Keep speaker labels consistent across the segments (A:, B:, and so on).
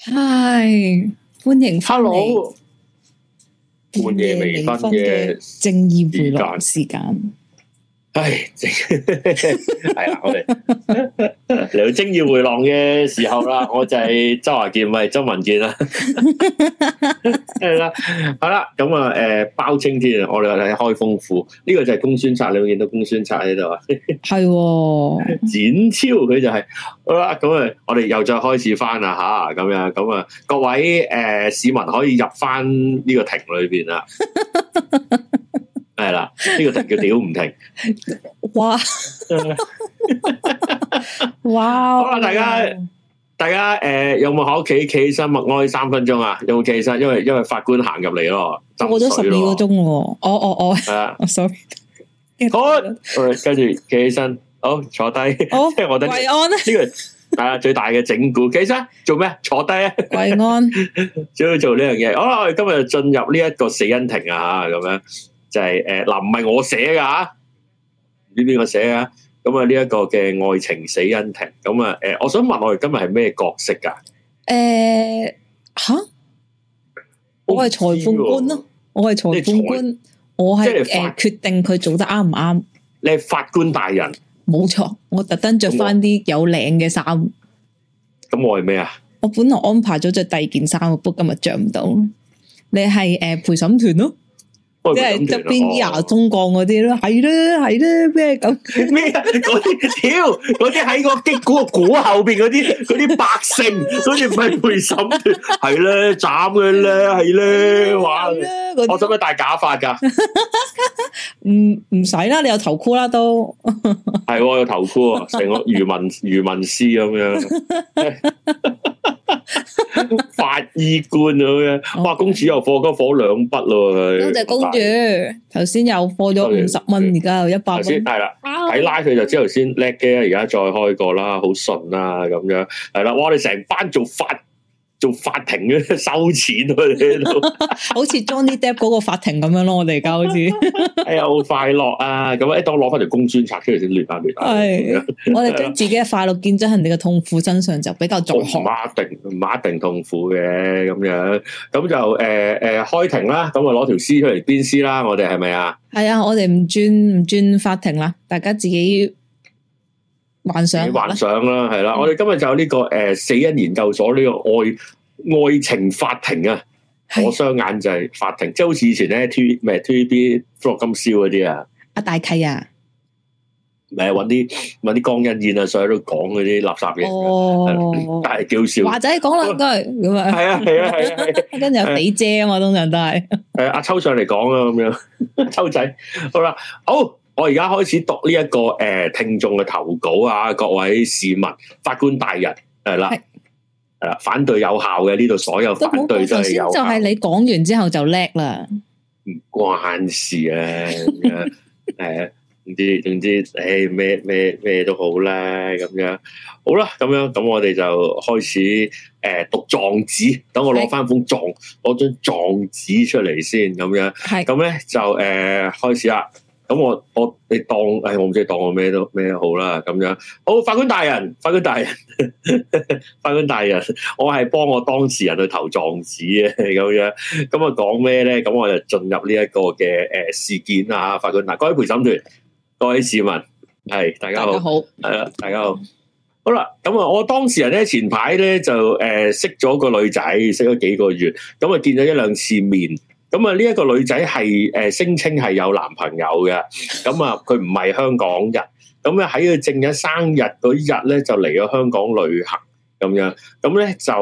A: 嗨，歡迎，hello，半夜未瞓嘅
B: 正義回來時間。係，係啦，我哋嚟到精要回浪嘅時候啦，我就係周華健，唔、就、係、是、周文健啦，。 係啦，好啦，咁啊，誒，包青天，我哋開封府，呢、這個就係公孫策，你有見到公孫策喺度啊？係、 哦，展昭佢就係、是，好啦，咁、嗯、啊，我哋又再開始翻啦，吓、嗯、咁、嗯、樣、咁、嗯、啊、嗯，各位誒、嗯、市民可以入翻呢個庭裏邊啦。 係啦，呢、這個就叫屌唔停。
A: 哇， 哇，哇好！哇！大家
B: 大家誒，有冇喺屋企企起身默哀三分鐘啊？有冇企起身？因為因為法官行入嚟咯過咗十二個
A: 鐘。我我我係
B: 啦，sorry。跟住企起身，好坐低。好，即係、哦、 我哋、這個，跪安呢？呢、這個係啊，大家最大嘅整蠱。起身做咩？坐低啊！跪安，主 要做呢樣嘢。好啦，我哋今日就進入呢一個死因庭啊！吓咁樣。就係誒嗱，唔係我寫噶呢邊我寫啊。咁啊呢一個嘅愛情死因庭，咁啊誒，我想問我哋今日係咩角色噶？
A: 誒吓，我係裁判官咯，我係裁判官，我係誒決定佢做得啱唔啱。
B: 你係法官大人，
A: 冇錯，我特登着翻啲有領嘅衫。
B: 咁我係咩啊？
A: 我本來安排咗着第二件衫，不過今日着唔到。你係誒陪審團咯。
B: 即係側邊啲
A: 中港嗰啲咯，係、哦、啦，係啦，
B: 咩咁咩嗰啲？屌，嗰啲喺個擊鼓個鼓後邊嗰啲，嗰啲百姓好似唔係陪審團，係咧斬嘅咧，係咧，哇！我使唔使戴假髮噶？唔
A: 唔使啦，你有頭箍啦都
B: 係、 哦，有頭箍啊，成個漁民漁民師咁樣。哎 法醫官咁樣， 哇！Okay. 公主又課咗課兩筆咯，佢、啊、多謝公主。
A: 頭 先又課咗五十蚊，而家又一百。頭先係啦，睇 拉佢
B: 就知頭先叻嘅，而家再開過啦，好順啊，咁樣。係啦，我哋成班做法。做法庭嘅收錢，佢哋喺度，
A: 好似 Johnny Depp 嗰個法庭咁樣咯、 哎啊。 我哋而家好似，
B: 哎呀，好快樂啊！咁啊，當攞翻條公磚拆出嚟先，亂下亂下。係，我哋將自
A: 己嘅快樂建喺人哋嘅痛苦身上，就比較重。唔
B: 一定，唔一定痛苦嘅咁樣，咁就誒誒、呃呃、開庭啦，咁啊攞條絲出嚟鞭屍啦，我哋係咪啊？
A: 係啊，我哋唔轉唔轉法庭啦，大家自己。幻想了
B: 幻想啦，係啦、嗯，我哋今日就有呢、這個誒、呃，死因研究所呢個愛愛情法庭啊，是的我雙眼就係法庭，即係好似以前咧，TV 咩 TVB《歡樂今宵》嗰啲啊，
A: 阿大契啊，
B: 咪揾啲揾啲江欣燕啊，上喺度講嗰啲垃圾嘢。哦，大叫笑，華仔
A: 講兩句咁啊，係啊係
B: 啊係啊，
A: 跟住死姐啊嘛，通常都
B: 係，誒阿、啊、秋上嚟講啊，咁樣 秋仔，好啦，好。我而家開始讀呢、這、一個誒、呃、聽眾嘅投稿啊，各位市民、法官大人，係啦，係啦，反對有效嘅，呢度所有反對都係有效。就係
A: 你講完之後就叻啦，唔
B: 關事啊，誒，唔 知、呃，總之誒咩咩咩都好，咁樣好啦，咁樣好啦，咁樣咁我哋就開始誒、呃、讀紙狀紙，等我攞翻封狀攞張狀紙出嚟先，咁樣係咁咧就誒、呃、開始啦。咁我我你當誒，我唔知當我咩都咩好啦，咁樣好。法官大人，法官大人，呵呵法官大人，我係幫我當事人去投狀紙，咁樣咁啊講咩咧？咁我就進入呢一個嘅誒事件啦。法官嗱，各位陪審團，各位市民，係、嗯、大家好，係、嗯、大家好。嗯、好啦，咁啊，我當事人咧前排咧就誒、呃、識咗個女仔，識咗幾個月，咁啊見咗一兩次面。咁啊，呢一個女仔係誒聲稱係有男朋友嘅，咁啊佢唔係香港人嘅，咁啊，喺佢正日生日嗰日呢，就嚟咗香港旅行，咁樣，咁咧就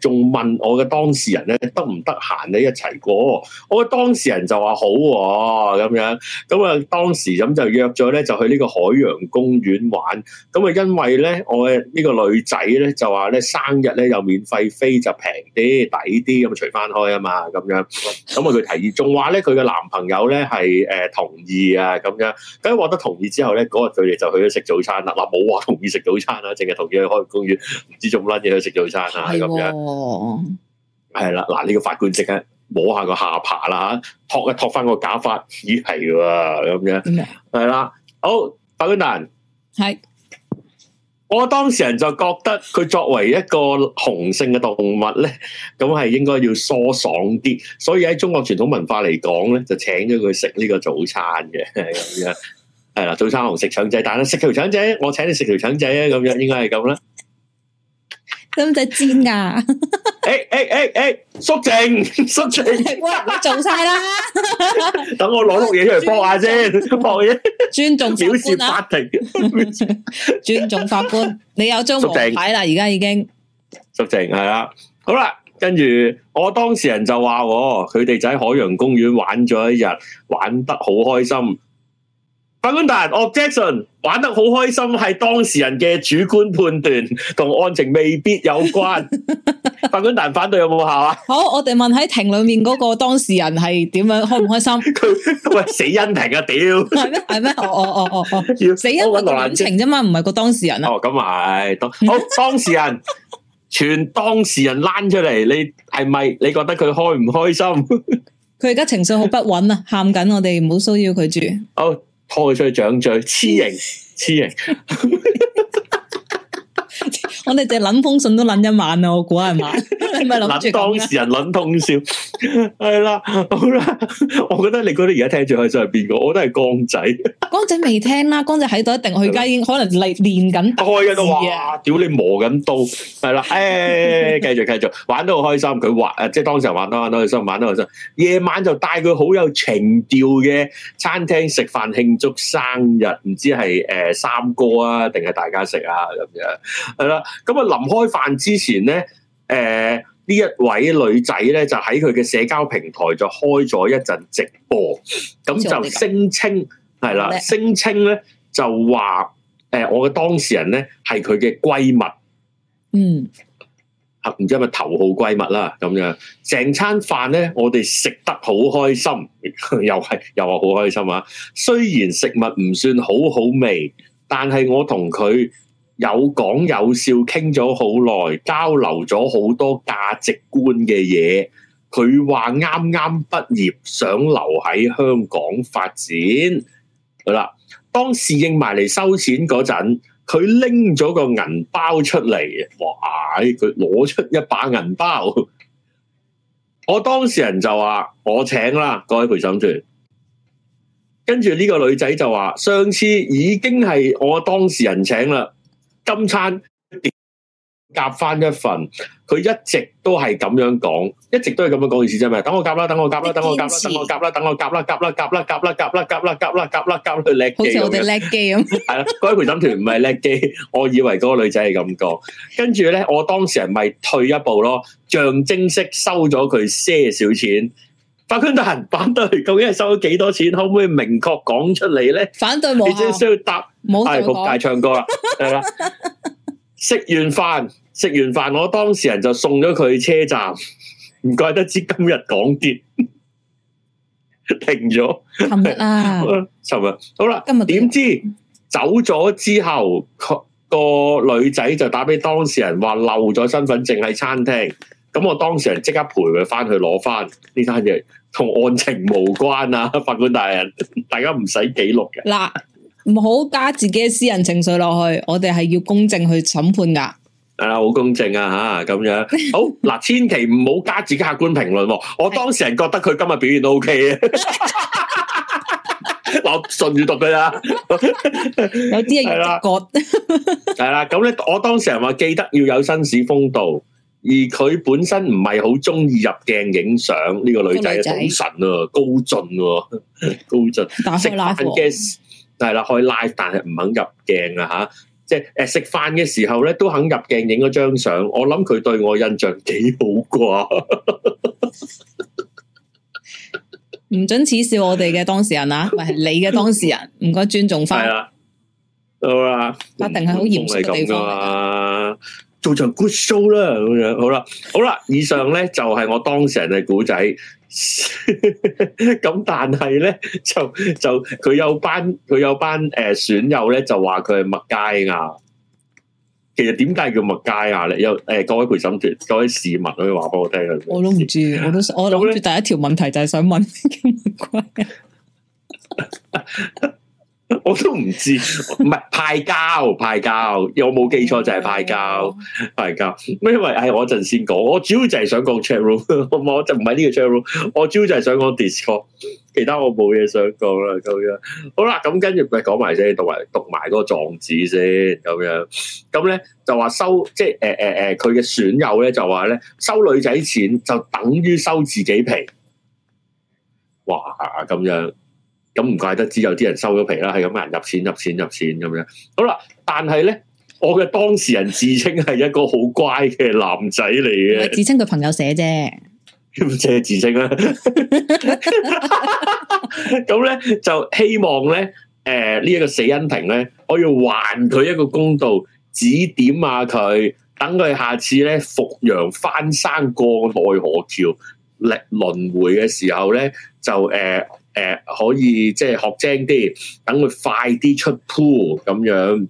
B: 仲、呃、問我嘅當事人咧得唔得閒咧一齊過，哦？我嘅當事人就話好咁、哦、樣，咁啊當時咁就約咗咧就去呢個海洋公園玩。咁啊因為咧我嘅呢個女仔咧就話咧生日咧有免費飛就平啲抵啲，咁除返開啊嘛咁樣。咁啊佢提議，仲話咧佢嘅男朋友咧係、呃、同意啊咁樣。咁獲得同意之後咧嗰日佢哋就去咗食早餐啦。嗱冇話同意食早餐啦，淨係同意去海洋公園唔知。做乜嘢去食早餐啊？
A: 咁
B: 樣係啦，嗱呢、哦，這個法官即刻摸，摸下個下巴啦吓，托一托翻個假髮，咦係喎咁樣，係啦，好法官大人係，我當事人就覺得佢作為一個雄性嘅動物咧，咁係應該要疏爽啲，所以喺中國傳統文化嚟講咧，就請咗佢食呢個早餐嘅咁樣，係啦， 早餐我食腸仔但係，食條腸仔，我請你食條腸仔啊，咁樣應該係咁啦。
A: 咁就煎噶、啊。
B: 誒誒誒誒，肅、哎、靜，肅、哎、靜，
A: 我做晒啦。
B: 等 我攞到嘢出嚟幫下啫，幫嘢。尊重法庭、啊、
A: 尊重法官，啊、你有張牌啦，而家已經。
B: 肅靜係啦，好啦，跟住我當事人就話佢哋喺海洋公園玩咗一日，玩得好開心。法官大人，objection 玩得好開心，係當事人嘅主觀判斷同案情未必有關。法官大人反對有冇效啊？
A: 好，我哋問喺庭裏面嗰個當事人係點樣開唔開心？佢
B: 喂死因庭啊屌
A: 係咩係咩？哦哦哦哦死因個情啫嘛，唔 係個當事人啊。
B: 哦咁啊係，好當事人， 全當事人攋出嚟，你係咪？你覺得佢開唔開心？
A: 佢而家情緒好不穩啊，喊 緊，我哋唔好騷擾佢住。
B: 好。拖佢出去掌嘴，痴型痴型。
A: 我哋淨係諗封信都諗一晚啦，我估係嘛？係咪諗當事
B: 人諗通宵，係 啦，好啦，我覺得你覺得而家聽最開心係邊個？我覺得係光仔，
A: 光仔未聽啦，光仔喺度一定去雞，已經可能嚟練緊刀。開嘅都，話
B: 屌你磨緊刀，係啦，誒、哎，繼續繼續玩得好開心，佢話誒，即係當時玩得玩得開心，玩得開心。夜晚就帶佢好有情調嘅餐廳食飯慶祝生日，唔知係誒、呃、三哥啊，定係大家食啊咁樣，係啦。咁啊！臨開飯之前咧，呃、呢一位女仔咧就喺佢嘅社交平台就開咗一陣直播，咁就聲稱係啦，聲稱咧就話、呃、我嘅當事人咧係佢嘅閨蜜，
A: 嗯，
B: 吓，唔知係咪頭號閨蜜啦咁樣。成餐飯咧，我哋食得好開心， 又係又話好開心啊！雖然食物唔算好好味，但係我同佢有講有笑，傾咗好耐，交流咗好多價值觀嘅嘢。佢話啱啱畢業，想留喺香港發展。好啦，當侍應埋嚟收錢嗰陣，佢拎咗個銀包出嚟，哇！佢攞出一把銀包。我當事人就話：我請啦，各位陪審團。跟住呢個女仔就話：上次已經係我當事人請啦。今餐夾返一份，佢一直都係咁樣講，一直都係咁樣講意思啫嘛。等我夾啦，等我夾啦，等我夾啦，等我夾啦，等我夾啦，夾啦，夾啦，夾啦，夾啦，夾啦，夾啦，夾啦，夾啦，好似我哋叻機咁。係啦，嗰一盤飲團唔係叻機，我以為嗰個女仔係咁講。跟住咧，我當時係咪退一步咯，象徵式收咗佢些少錢。法官大人反對，究竟係收咗幾多錢？可唔可以明確講出嚟咧？反對冇。你真係需要答冇。係仆大，大唱歌啦，係 啦。食完飯，食完飯，我當事人就送咗佢去車站。唔怪得知今日港鐵停咗。琴日啊，琴 日好啦。今日點知走咗之後，嗰個女仔就打俾當事人了，話漏咗身份證喺餐廳。咁我當事人即刻陪佢翻去攞翻呢單嘢，同案情無關啊！法官大人，大家唔使記錄嘅。
A: 嗱，唔好加自己嘅私人情緒落去，我哋係要公正去審判噶。
B: 係啊，好公正啊吓，咁樣好嗱，千祈唔好加自己客觀評論、啊。 我當事人覺得佢今日表現都 O K 嘅。 我順住讀佢啦，
A: 有啲嘢
B: 係啦，係啦，咁咧，我當事人話記得要有紳士風度。而佢本身唔係好鍾意入鏡影相，呢、這個女仔好神啊，高進喎、啊，高進食飯嘅係啦，開 live、啊、live 但係唔肯入鏡啊！吓、啊？即係誒食飯嘅時候咧都肯入鏡影咗張相，我諗佢對我印象幾好啩、
A: 啊，唔准恥笑我哋嘅當事人啊！唔 係你嘅當事人，唔該尊重翻。係啦，
B: 好啦，
A: 法庭係好嚴肅嘅地方
B: 做場 good show 啦，咁樣，好啦，好啦，以上咧就係、是、我當事人嘅古仔。咁 但係咧就就佢有班佢有班誒、呃、損友咧就話佢係麥佳亞。其實點解叫麥佳亞咧？有誒、呃、各位陪審團，各位市民可以話俾我聽。
A: 我都唔知，我都想我諗住第一條問題就係想問咩嘢麥佳。
B: 我都唔知，唔係派膠派膠，我冇記錯就係派膠 派膠，咩？因為係我陣先講，我主要就係想講 chatroom，好唔好？我就唔係呢個 chatroom，我主要就係想講 Discord，其他我冇嘢想講啦，咁樣。好啦，咁跟住咪講埋先，讀埋讀埋個狀紙先，咁樣。咁咧就話收，即係誒誒誒，佢嘅損友咧就話咧收女仔錢就等於收自己皮，哇咁樣。咁唔怪得知有啲人收咗皮啦，係咁人入錢入錢入錢咁樣。好啦，但係咧，我嘅當事人自稱係一個好乖嘅男仔嚟嘅。自稱
A: 佢朋友寫啫，
B: 唔借自稱啦。咁 咧 就希望咧，誒呢一個死因庭咧，我要還佢一個公道，指點下佢，等佢下次咧復陽翻生過、過奈何橋歷輪回嘅時候咧，就誒。呃誒、呃，可以即係學精啲，等佢快啲出 pool 咁樣，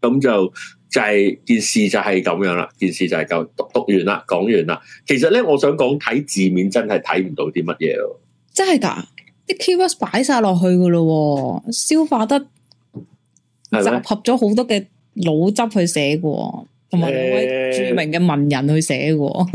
B: 咁就就係件事就係咁樣啦。件事就係咁，讀讀完啦，講完啦。其實咧，我想講睇字面真係睇唔到啲乜嘢，
A: 真係噶啲 keywords 擺晒落去噶咯，消化得集合咗好多嘅腦汁去寫嘅。
B: 同埋兩位著名
A: 嘅文人去寫嘅，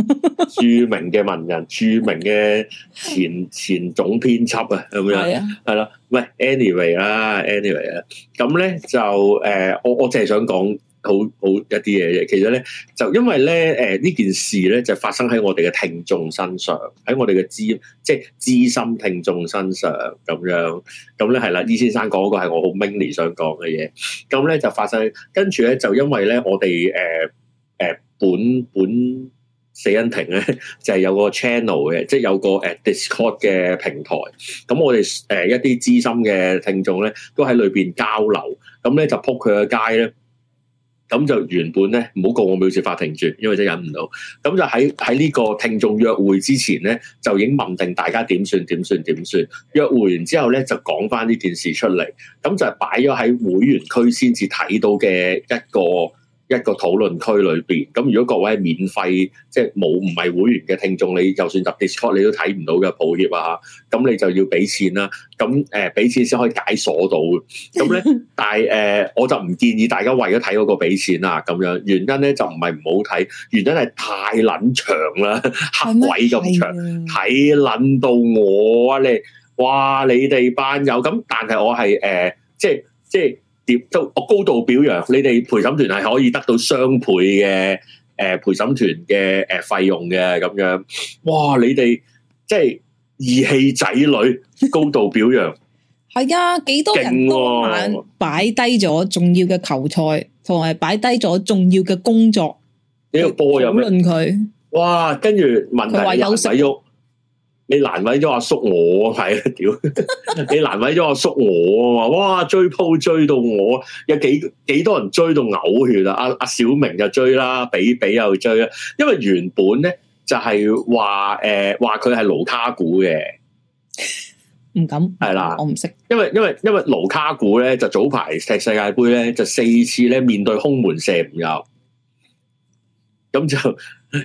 B: 著名嘅文人，著名嘅前前總編輯啊咁樣，係啊係啦，喂，anyway 啦，anyway 啊，咁咧就誒，我我淨係想講。好好一啲嘢嘅，其實咧就因為咧，呃、呢件事咧就發生喺我哋嘅聽眾身上，喺我哋嘅知即係知心聽眾身上咁樣，咁咧係啦，李先生講嗰個係我好 m i n g 想講嘅嘢，咁咧就發生，跟住咧就因為咧我哋誒、呃、本本死因庭咧就係、係、有個 channel 嘅，即有個 Discord 嘅平台，咁我哋、呃、一啲知心嘅聽眾咧都喺裏面交流，咁咧就撲佢個街咧。咁就原本咧，唔好告我藐視法庭住，因為真忍唔到。咁就喺喺呢個聽眾約會之前咧，就已經問定大家點算點算點算。約會完之後咧，就講翻呢件事出嚟。咁就係擺咗喺會員區先至睇到嘅一個。一個討論區裏邊，咁如果各位係免費，即係冇唔係會員嘅聽眾，你就算入 Discord 你都睇唔到嘅，抱歉啊！咁你就要俾錢啦，咁誒俾錢先可以解鎖到咁咧，但係誒、呃、我就唔建議大家為咗睇嗰個俾錢啦，咁樣原因咧就唔係唔好睇，原因係太捻長啦，黑鬼咁長，睇捻到我、啊、你哇！你哋班友咁，但係我係誒、呃，即係即係。點我高度表揚你哋陪審團係可以得到雙倍嘅誒陪審團嘅誒費用嘅咁樣，哇！你哋即係義氣仔女，高度表揚
A: 係 啊，幾多人當晚擺低咗重要嘅球賽，同埋擺低咗重要嘅工作，
B: 你，這個波又唔論佢，哇！跟住問題又唔使你難為咗阿叔我，係啊屌！ 你難為咗阿叔我啊嘛，哇，追鋪追到我，有幾幾多人追到嘔血啊！阿、啊、阿小明就追啦，比比又追啦！因為原本咧就係話誒話佢係盧卡古嘅，
A: 唔敢
B: 係啦，我唔識。因為因為因為盧卡古咧就早排踢世界盃咧就四次咧面對空門射唔入，咁就。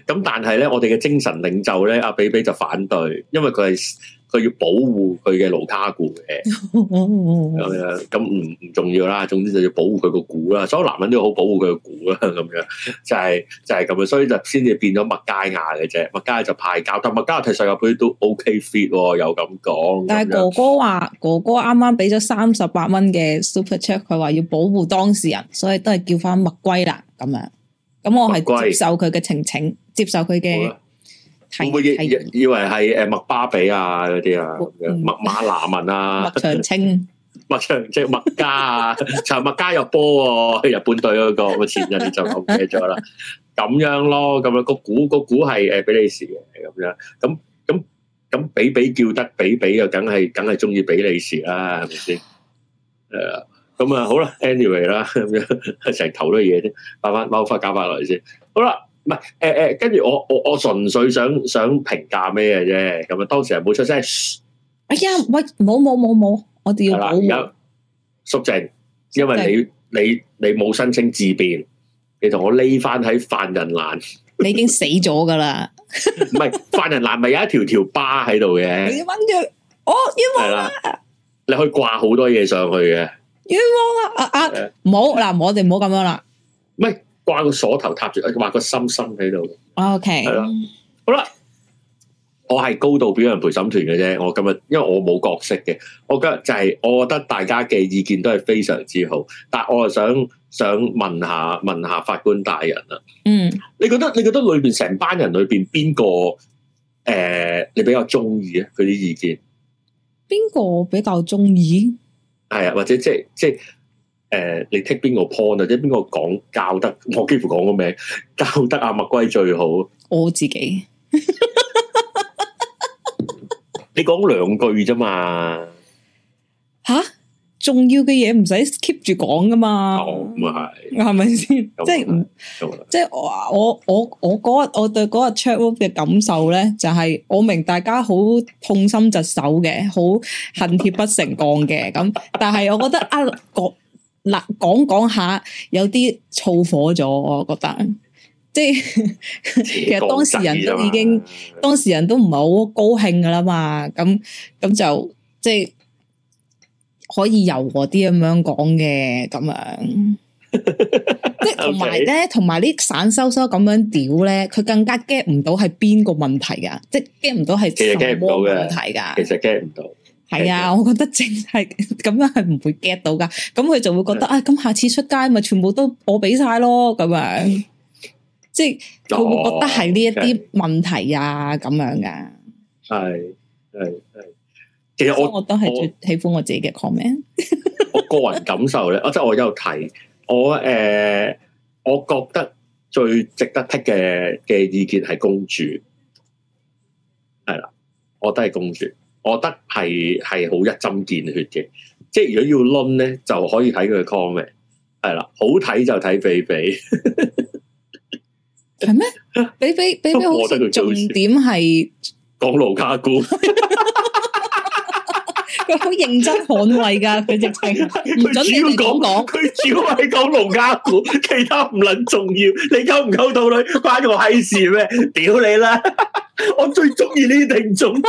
B: 咁但係咧，我哋嘅精神領袖咧，阿比比就反對，因為佢係佢要保護佢嘅盧卡股嘅，咁 樣咁唔唔重要啦。總之就要保護佢個股啦。所有男人都要好保護佢個股啦。咁樣就係、是、就係咁樣。所以就先至變咗麥佳亞嘅啫。麥佳就排教，但麥佳踢世界杯都 OK fit，又咁講。但係哥哥
A: 話，哥哥啱啱俾咗三十八蚊嘅 super check，佢話要保護當事人，所以都係叫翻麥龜啦，咁樣。咁我係接受佢嘅晴晴，接受佢嘅，
B: 會唔會以以為係誒麥巴比啊嗰啲啊、嗯、啊，麥馬拿文啊，長青，麥長青麥加 啊，長麥加入波喎，日本隊嗰、那個前日就唔記得咗啦，咁 樣咯，咁、那、樣個股、那個股係誒比利時嘅，咁樣，咁咁咁比比叫得比比就梗係梗係中意比利時啦，係咪先？Yeah. 咁、嗯、啊，好啦，anyway 啦，咁樣成頭都嘢啫，慢翻慢慢搞翻落嚟先。好啦，唔係誒誒，跟、欸、住我我我純粹想想評價咩嘅啫。咁啊，當時係冇出聲。
A: 哎呀，喂，冇冇冇冇，我哋
B: 要冇冇。肅靜，因為你你你冇申請自辯，你同我匿翻喺犯人欄。
A: 你已經死咗噶 啦。
B: 唔係犯人欄，咪有一條條疤喺度嘅。你
A: 掹住我冤枉，
B: 你可以掛好多嘢上去嘅。
A: 冤枉啊！阿阿冇嗱，我哋唔好咁樣啦。
B: 唔係掛個鎖頭，搭住畫個心心喺度。
A: O K，係啦，好啦，
B: 我係高度表揚陪審團嘅啫。我今日因為我冇角色嘅，我嘅就係、是、我覺得大家嘅意見都係非常之好。但係我啊想想問下問下法官大人啊，嗯，你覺得你覺得裏邊成班人裏邊邊個誒你比較中意啊？佢啲意見
A: 邊個比較中意？
B: 係啊，或者即係即係，誒、呃，你 take 邊個 point 啊？即係邊個講教得，我幾乎講個名教得阿、啊、麥龜最好。
A: 我自己，
B: 你講兩句啫嘛，
A: 吓？重要嘅嘢唔使 keep 住講㗎嘛，咁、哦、
B: 係，
A: 係咪先？即係唔即係我我我我嗰日我對嗰日 chat 嘅感受咧，就係、是、我明大家好痛心疾首嘅，好恨鐵不成鋼嘅咁。但係我覺得 啊講嗱講講下有啲燥火咗，我覺得即係 其實當事人都已經 當事人都唔係好高興㗎喇嘛，咁咁就即係。可以柔和啲咁樣講嘅，咁樣
B: 即係同埋
A: 咧，同埋啲散收收咁樣屌咧，佢更加 get 唔到係邊個問題噶，即係 get 唔到係其實 get 唔到嘅問題噶，其實 get 唔到，到。係啊，我覺得淨係咁樣係唔會 get 到噶，咁佢就會覺得、yeah. 啊，咁下次出街咪全部都我俾晒咯，咁樣即係佢會，會覺得係呢一啲問題啊，咁、oh, okay. 樣噶係係。Yeah.
B: Yeah. 其實我，我
A: 都係最喜歡我自己嘅 comment。
B: 我， 我個人感受咧，我即係我有提，我誒、呃，我覺得最值得剔嘅嘅意見係公主，係啦，我都係公主，我覺得係係好一針見血嘅。即係如果要掄咧，就可以睇佢 comment。係啦，好睇就睇菲菲。係 咩？
A: 菲菲？菲菲好重要。重點係
B: 講盧卡古。 盧卡
A: 佢 好認真捍衛噶佢直情，佢主要講講，
B: 佢主要係講農家樂， 其他唔捻重要。你夠唔夠道理關我閪事咩？屌你啦！我最中意呢啲聽眾，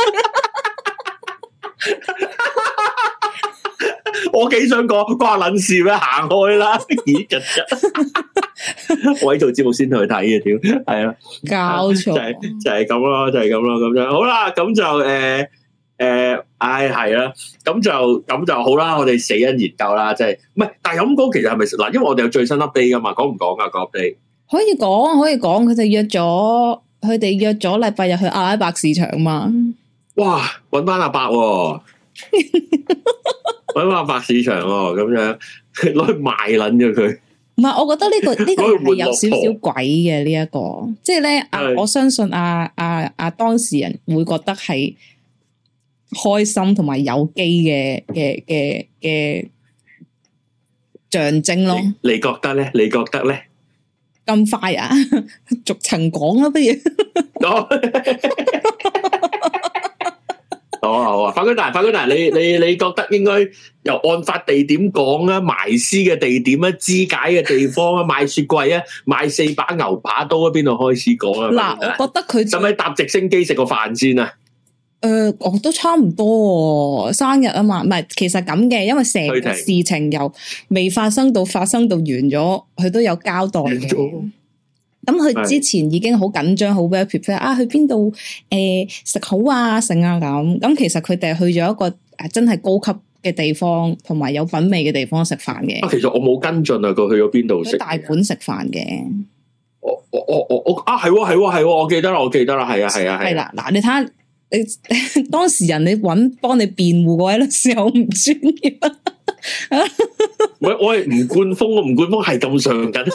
B: 我幾想講，關我捻事咩？行開啦，咦， 日日，我喺做節目先去睇嘅，屌係啊，搞錯 就就係咁咯，就係咁咯，咁樣好啦，咁就誒。呃誒、uh, 哎，唉，係啊，咁就咁就好啦。我哋死因研究啦，即係唔係？但係咁講，其實係咪嗱？因為我哋有最新 update 噶嘛，講唔講啊？update
A: 可以講，可以講。佢就約咗，佢哋約咗禮拜日去阿拉伯市場嘛。嗯、哇！
B: 揾翻阿伯喎，揾 阿伯市場喎，咁樣攞去賣撚咗佢。
A: 唔 係，我覺得呢個呢個係有少少鬼嘅呢一個，即係咧，我相信阿阿阿當事人會覺得係。開心同埋有機嘅嘅嘅嘅象徵咯，
B: 你覺得咧？你覺得咧？
A: 咁快啊？逐層講啊，不如
B: 好。哦，好啊，法官大人，法官大人，你你你覺得應該由案發地點講啊，埋屍嘅地點啊，肢解嘅地方啊，買雪櫃啊，買四把牛扒刀要要啊，邊度開始講啊？嗱，我覺得佢使唔使搭直升機食個飯先啊？
A: 誒、呃、我、哦、都差唔多，生日啊嘛，唔係，其實咁嘅，因為成個事情又未發生到，發生到完咗，佢都有交代嘅。咁、嗯、佢之前已經好緊張，好 prepare 啊，去邊度誒食好啊，剩啊咁。咁其實佢哋去咗一個誒真係高級嘅地方，同埋有，有品味嘅地方食飯嘅。
B: 其實我冇跟進啊，佢去咗邊度食大館食飯嘅。我我我我我啊，係係係，我記得啦，我記得啦，係啊係啊係啦，
A: 嗱、啊啊啊、你睇下。 當事人找幫你揾幫你辯護個律師候唔專業，
B: 喂，我係唔冠峰，我唔冠峰係咁上緊，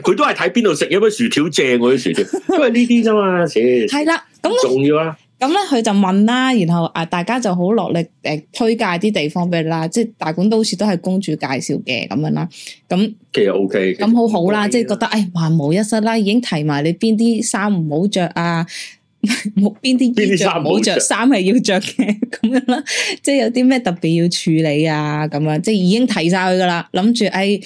B: 佢 都係睇邊度食嘅咩薯條正嗰啲薯條，因為呢啲啫嘛，切係啦。咁重要啦。
A: 咁咧佢就問啦，然後啊，大家就好落力誒推介啲地方俾你啦，即係大館都好似都係公主介紹嘅咁樣啦。
B: 咁其實 OK，咁
A: 好好啦，啦即係覺得誒、哎、萬無一失啦，已經提埋你邊啲衫唔好着啊。冇邊啲衣衫，冇着衫係要着嘅咁樣啦， 即係有啲咩特別要處理啊咁樣，即係已經睇晒佢噶啦，諗住誒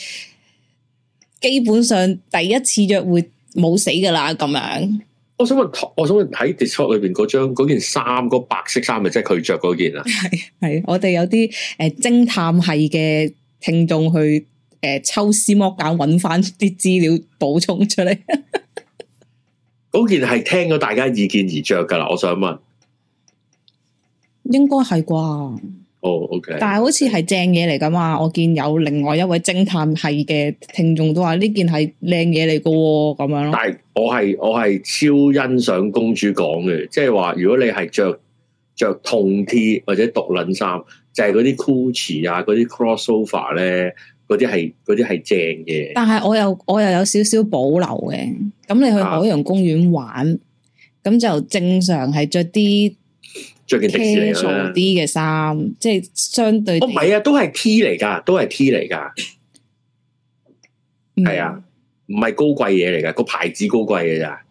A: 基本上第一次約會冇死噶啦咁樣。
B: 我想問，我想問喺 Discord 裏邊嗰張嗰件衫，嗰白色衫咪即係佢着嗰件啊？係
A: 係，我哋有啲誒偵探係嘅聽眾去誒、呃、抽絲剝繭，搵翻啲資料補充出嚟。
B: 嗰件係聽咗大家意見而着噶啦，我想問，
A: 應該係啩？
B: 哦，oh，OK，但係
A: 好似係正嘢嚟咁啊！我見有另外一位偵探係嘅聽眾都話呢件係靚嘢嚟噶，咁樣咯。但係
B: 我係我係超欣賞公主講嘅，即係話如果你係着着痛 T 或者獨捻衫，就係嗰啲 Gucci 啊，嗰啲 Cross Over 咧。嗰啲係啲係正嘅，但
A: 係我又我又有少少保留嘅。咁你去海洋公園玩，咁、啊、就正常係着啲
B: 着件 T 恤啲嘅衫，即
A: 係、就是、相對。唔、哦、係
B: 啊，都係 T 嚟噶，都係 T 嚟噶，係、嗯、啊，唔係高貴嘢嚟噶，個牌子高貴嘅咋，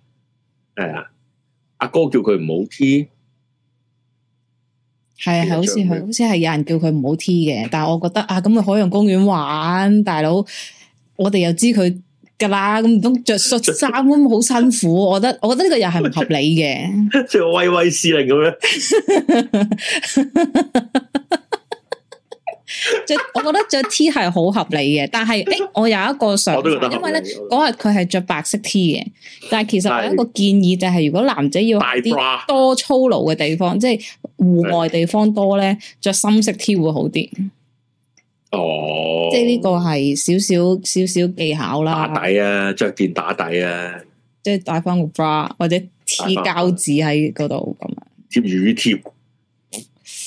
B: 係啊，阿哥，哥叫佢唔好 T。
A: 係啊，好似好似係有人叫佢唔好 T 嘅，但係我覺得啊，咁去海洋公園玩，大佬，我哋又知佢噶啦，咁唔通着恤衫咁好辛苦，我覺得，我覺得呢個又係唔合理嘅，
B: 即 係威威司令咁樣。
A: 我覺得着 T 係好合理嘅，但係誒、欸，我有一個想法，因為咧嗰日佢係着白色 T 嘅，但係其實我有一個建議就係，如果男仔要啲多粗魯嘅地方，即係戶外地方多咧，着深色 T 會好啲。哦，
B: 即係呢
A: 個係少少少少技巧啦，打
B: 底啊，着件打底啊，
A: 即係戴翻個 bra 或者 T 膠紙喺嗰度咁樣，
B: 貼乳貼。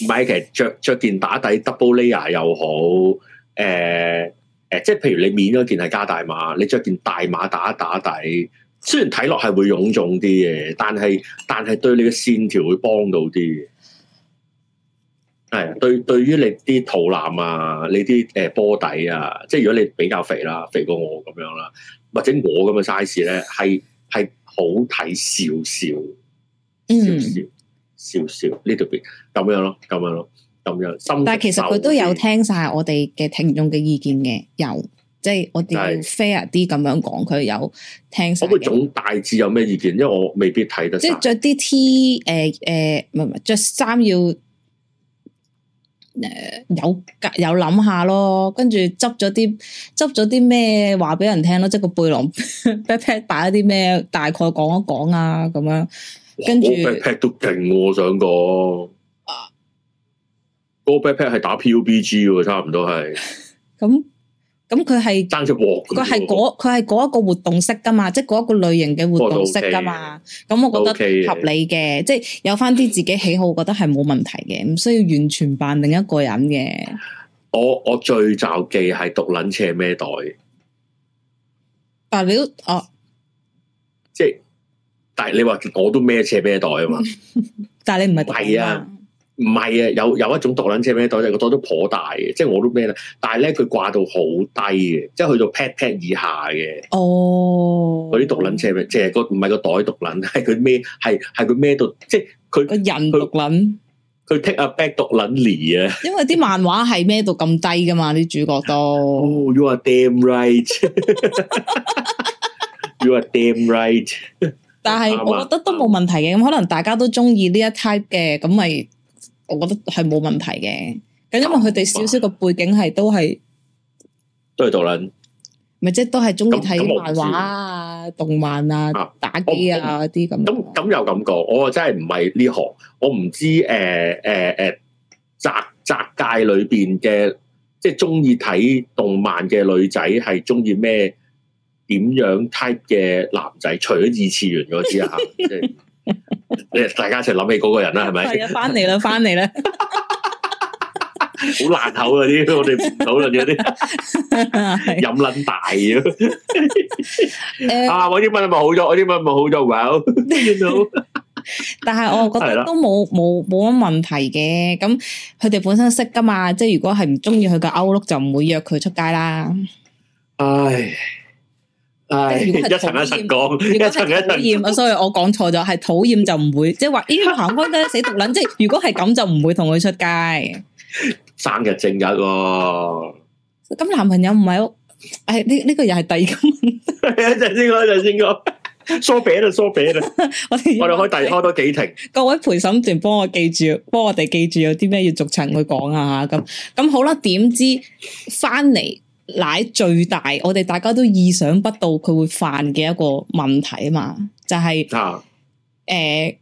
B: 唔係，其實着着件打底 double layer 又好，誒、呃、誒、呃，即係譬如你面嗰件係加大碼，你着件大碼打一打底，雖然睇落係會臃腫啲嘅，但係但係對你嘅線條會幫到啲嘅。係對對於你啲肚腩啊，你啲誒、呃、波底啊，即係如果你比較肥啦，肥過我咁樣啦，或者我咁嘅 size 咧，係係好睇少少，少少。嗯少少呢度變咁樣咯，咁樣咯，咁樣。但係其實佢都有
A: 聽晒我哋嘅聽眾嘅意見嘅，有即係我哋要 fair 啲咁樣講，佢有聽晒。我嘅總
B: 大致有咩意見？因為我未必睇得即係着
A: 啲 T，誒、呃、誒，唔係唔係，着衫要誒、呃、有有諗下咯，跟住執咗啲執咗啲咩話俾人聽咯，即係個背囊 backpack 擺咗啲咩，大概講一講啊咁樣。
B: 跟住，backpack 都勁，我想講，啊，嗰個 backpack 係打 PUBG 嘅，差唔多係。
A: 咁咁佢係
B: 單隻鑊，佢係
A: 嗰佢係嗰一個活動式噶嘛，即係嗰一個類型嘅活動式噶嘛。咁我覺得合理嘅，即係有翻啲自己喜好，覺得係冇問題嘅，唔需要完全扮另一個人嘅。
B: 我我最禁忌係獨卵斜孭袋，
A: 但係你哦，即
B: 係。但係你話我都孭斜孭袋啊嘛， 但係你唔係係啊，唔係啊，啊，有有一種毒撚斜孭袋，就個袋都頗大嘅，即係我都孭啦。但係咧佢掛到好低嘅，即係去到 pat pat 以下嘅。
A: 哦，
B: 嗰啲毒撚斜孭，即係個唔係個袋毒撚，係佢孭，係係佢孭到，即係佢個人毒撚，佢 take a back 毒撚嚟啊！
A: 因為啲漫畫係孭到咁低㗎嘛，啲 主角都。Oh,
B: you are damn right. You are damn right.
A: 但係我覺得都冇問題嘅，咁、嗯、可能大家都中意呢一 type 嘅，咁、嗯、咪我覺得係冇問題嘅。咁、嗯、因為佢哋少少個背景係、嗯、都係都係毒撚，咪即係都係中意睇漫畫啊、動漫啊、嗯、打機
B: 啊啲咁。咁咁有感覺，我真係唔係呢行，我唔知誒誒誒，宅宅界裏邊嘅即係中意睇動漫嘅女仔係中意咩？點樣 type 嘅男仔，除咗二次元嗰支啊，即係，誒，大家一齊諗起嗰個人啦，係 咪是吧？係 啊，翻嚟啦，翻嚟啦，好爛口啊！啲我哋討論嗰啲，飲撚大咁。啊，我英文咪好咗，我英文咪好咗。Well 啲怨賭。 You know?
A: 但係我覺得都冇冇冇乜問題嘅，咁佢哋本身識噶嘛，即係如果係唔中意佢個 outlook，就唔會約佢出街啦。
B: 唉。如果係討厭講，如果係討厭，所
A: 以我講錯咗，係討厭就唔會，即係話依個行開死毒撚，即係如果係咁就唔會同佢出街。
B: 生日正日，
A: 咁男朋友唔係，誒呢呢個又係第
B: 二個。一陣先講，一陣先講，梳俾啦，梳俾啦。我哋我哋可以第開多幾庭。
A: 各位陪審團，幫我記住，幫我哋記住有啲咩要逐層去講下。咁咁好啦，點知返嚟？奶最大，我哋大家都意想不到佢會犯嘅一個問題啊嘛，就係、是、誒、啊呃、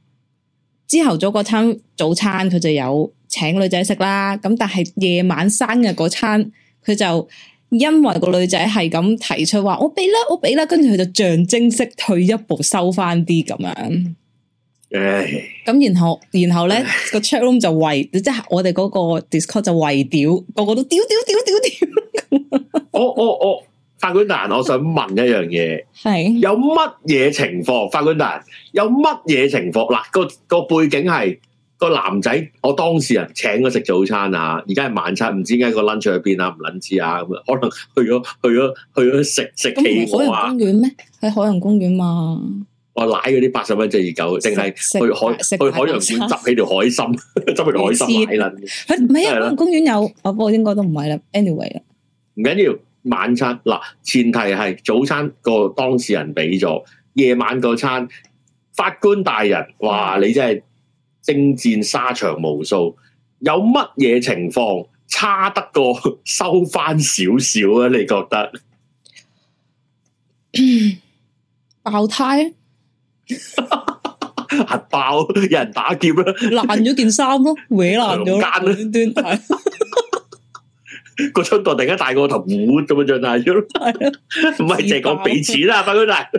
A: 之後咗個餐早餐佢就有請女仔食啦，咁但係夜晚生日嗰餐佢就因為個女仔係咁提出話我俾啦我俾啦，跟住佢就象徵式退一步收翻啲咁樣，咁然後然後咧、就是、個 chat room 就圍即係我哋嗰個 discord 就圍屌，個個都屌屌屌屌屌。
B: 我我我法官大人，我想問一樣嘢，係有乜嘢情況？法官大人有乜嘢情況？嗱，個個背景係個男仔，我當事人請佢食早餐啊，而家係晚餐，唔知點解個 lunch 去邊啊？唔捻知啊，咁啊，可能去咗去咗去咗食食啊？海洋公
A: 園咩？喺海洋公園嘛？
B: 我奶嗰啲八十蚊隻熱狗，淨係去海去海洋館執起條海參，執起條海參買捻？唔係啊，海洋公
A: 園有啊， 我不過應該都唔係啦。Anyway
B: 唔緊要晚餐嗱，前提係早餐個當事人俾咗夜晚個餐。法官大人，哇！你真係征戰沙場無數，有乜嘢情況差得過收翻少少啊？你覺得？
A: 爆胎？
B: 核 爆？有人打劫啦？爛咗
A: 件衫咯，搣爛咗咯。斷
B: 斷係。爛爛 個窗度突然間大過頭換咁樣長大出嚟，唔係淨係講俾錢啦、啊。法官仔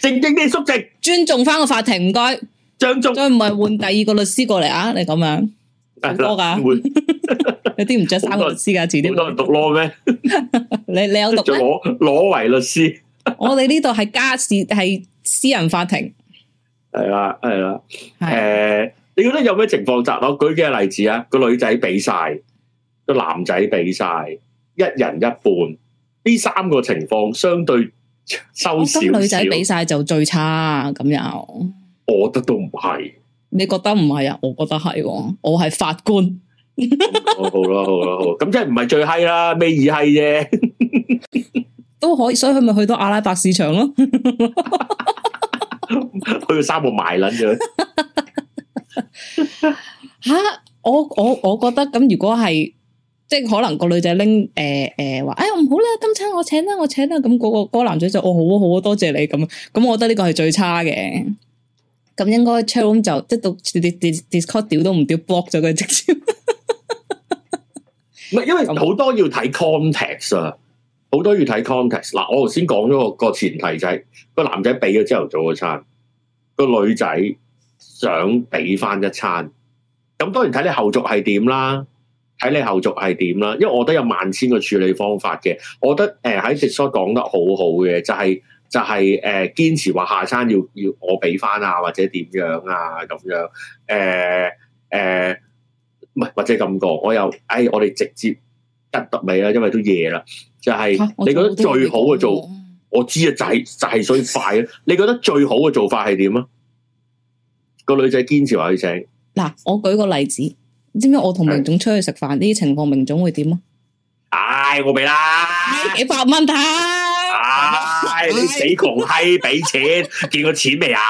B: 正經啲肅靜尊重翻
A: 個法庭，唔該。張中再唔係換第二個律師過嚟啊？你咁樣
B: 多噶， 有啲唔着三個律師噶，遲啲 多人讀 law 咩？ 你你有讀？攞攞為律師，
A: 我哋呢度係家事，係私人法庭。
B: 係 啦，係啦，誒、啊，你覺得有咩情況？咋？我舉幾個例子啊。個女仔俾晒。男仔俾晒，一人一半，呢三個情況相對收少少。得女仔俾
A: 晒就最差咁樣。
B: 我覺得都唔係，
A: 你覺得唔係啊？我覺得係，我係法官。好啦
B: 好啦好，咁即係唔係最嗨啦，咩二嗨啫，
A: 都可以。所以佢咪去到阿拉伯市場咯，
B: 去到沙漠埋捻咗。
A: 吓，我我我覺得咁，如果係。即係可能個女仔拎誒誒話，哎、欸，我唔好啦，今餐我請啦，我請啦，咁嗰、嗰個嗰個男仔就，哦，好啊好啊，多謝，謝你咁，咁我覺得呢個係最差嘅。咁應該 chatroom 就即到 Discord 屌都唔屌 block 咗佢直接。
B: 唔係，因為好多要睇 context 啊，好多要睇 context。嗱、啊，我頭先講咗個個前提就係、係、個男仔俾咗之後做個餐，個女仔想俾翻一餐，咁當然睇你後續係點啦。睇你後續係點啦，因為我都有萬千個處理方法嘅。我覺得誒喺 discuss 講得好好嘅，就係、是、就係誒堅持話下餐要要我俾翻啊，或者點樣啊咁樣誒誒，唔、呃、係、呃、或者咁講，我又誒、哎、我哋直接一得尾啦，因為都夜啦。就係、是啊、你覺得最好嘅做，我知啊，就係、是、就係最快。 你覺得最好嘅做法係點啊？個女仔堅持話要請。
A: 嗱，我舉個例子。你知唔知我同明總出去食飯呢啲情況，明總會點啊？
B: 唉、哎，我俾啦，幾百蚊睇、啊。唉、哎哎，你死窮閪，俾、哎、錢 見過錢未啊？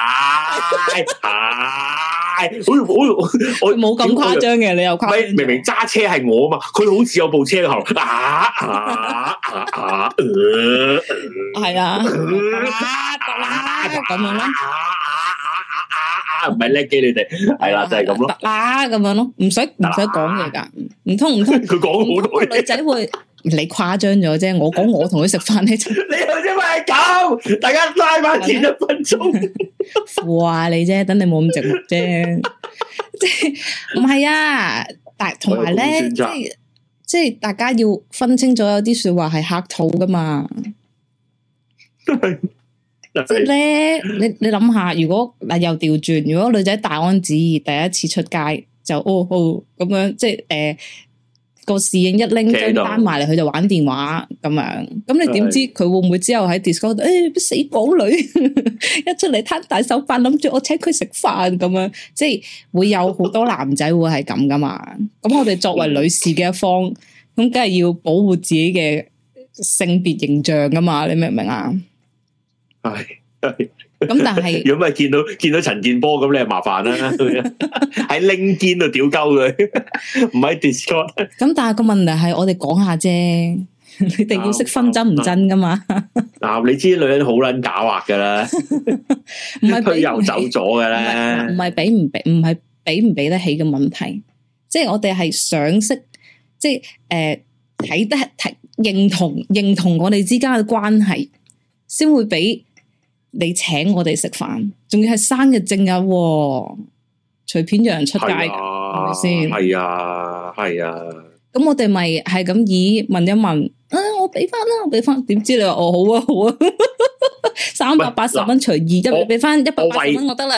B: 唉、 哎，好、哎、好我冇咁誇張嘅，你又誇張明明揸車係我啊嘛，佢好似有部車喉啊啊啊
A: 啊！係啊，咁、啊、樣、啊 啊、啦。
B: 唔係叻機，你哋係
A: 啦，就係咁咯，咁、啊啊啊、樣咯，唔使唔使講嘢噶，唔通唔通佢講好多嘢，女仔會你誇張咗啫，我講我同佢食飯你你又因為咁，大家拉返前一分鐘，話、 啊、你啫，等你冇咁直啫、 啊，即係唔係啊？但同埋咧，即係即係大家要分清楚，有啲說話係客套噶嘛。 即係咧，你你諗下，如果嗱又調轉，如果女仔大安旨意第一次出街就哦哦咁樣，即係誒個侍應一拎張單埋嚟，佢就玩電話咁樣。咁你點知佢會唔會之後喺 Discord 誒，啲、欸、死港女呵呵一出嚟攤大手板，諗住我請佢食飯咁樣，即係會有好多男仔會係咁噶嘛？咁我哋作為女士嘅一方，咁梗係要保護自己嘅性別形象噶嘛？你明唔明啊？
B: 係，咁但係如果咪見到見到陳健波咁，你係麻煩啦，喺拎肩度屌鳩佢，唔喺 Discord。
A: 咁但係個問題係，我哋講下啫，你一定要識分真唔真噶嘛。
B: 嗱，你知女人好捻假滑噶啦，唔係佢又走咗噶咧，唔
A: 係俾唔俾，唔係俾唔俾得起嘅問題，即係我哋係想識，即係誒睇得睇認同認同我哋之間嘅關係，先會俾。你請我哋食飯，仲要係生日正日、啊，隨便讓人出街，係咪先？係
B: 啊，係啊。
A: 咁、啊、我哋咪係咁以問一問，啊，我俾翻啦，我俾翻，點知你話我好啊，好啊，三百八十蚊除二，一俾翻一百八十蚊我得啦。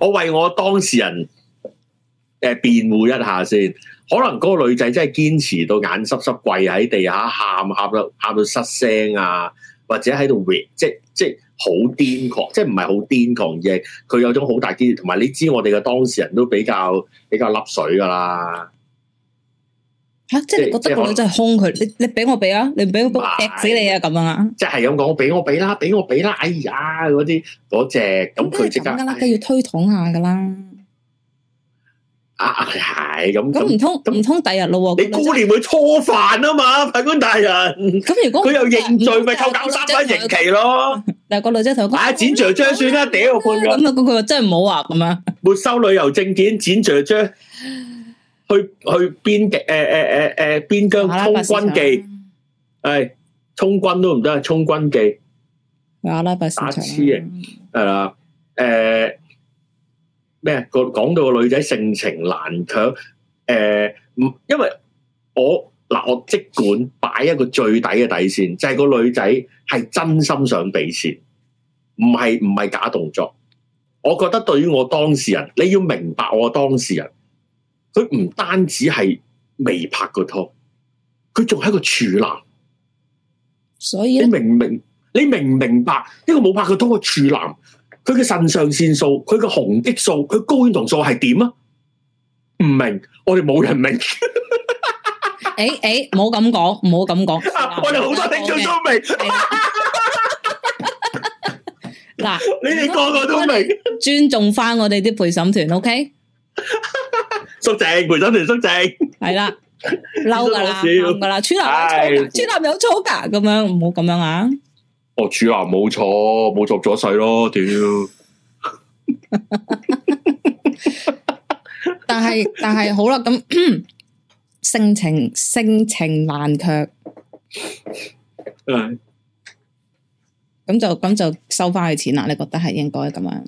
A: 我為，
B: 我為我當事人。誒，辯護一下先，可能嗰個女仔真係堅持到眼濕濕跪喺地下，喊喊到喊到失聲啊，或者喺度搣，即即好癲狂，即唔係好癲狂，嘅。佢有種好大啲，同埋你知我哋嘅當事人都比較比較甩水噶啦，吓、啊、即係覺得個女仔係
A: 凶佢，你你俾我俾啊，你唔俾我撲劈死
B: 你啊，咁樣啊，即係咁講，俾我俾啦，俾我俾啦，哎呀嗰啲嗰隻，咁佢即係梗啦，那個那
A: 個、要推筒下噶啦。
B: 啊，係咁咁，唔通唔通第日咯喎！你估年會初犯啊嘛，法官大人。咁如果佢有認罪，咪扣三分一刑期咯。
A: 嗱，個女仔同我講，剪嚼
B: 章算啦，屌個半咁啊！嗰句真係唔好話咁啊。沒收旅遊證件，剪嚼章。去去邊境，誒誒誒誒，邊疆充軍記，係充軍都唔得，充軍記。阿拉伯係啦，誒。咩？講到個女仔性情難卻，誒、呃，因為我嗱，我即管擺一個最底嘅底線，就係、是、個女仔係真心想俾錢，唔係唔係假動作。我覺得對於我當事人，你要明白我當事人，佢唔單止係未拍過拖，佢仲係一個處男。所以你明唔明？你明唔明白？一個冇拍過拖嘅處男。佢嘅腎上腺素、佢嘅雄激素、佢睾丸酮素係點啊？唔明，我哋冇人明。
A: 誒誒，唔好咁講，唔好咁講。
B: 我哋好多聽眾都明。
A: 嗱，你哋個個都明。尊重翻我哋啲陪審團，OK？
B: 肅靜，陪審團肅靜。係啦，
A: 嬲噶啦，
B: 嬲噶啦，穿男有錯噶，
A: 穿男有錯噶，咁樣唔好咁樣啊！
B: 哦，主啊，冇錯，冇作咗一世咯，屌
A: 但係但係好啦，咁 盛情盛情難卻，
B: 係
A: 咁 就咁就收翻佢錢啦。你覺得係應該咁樣？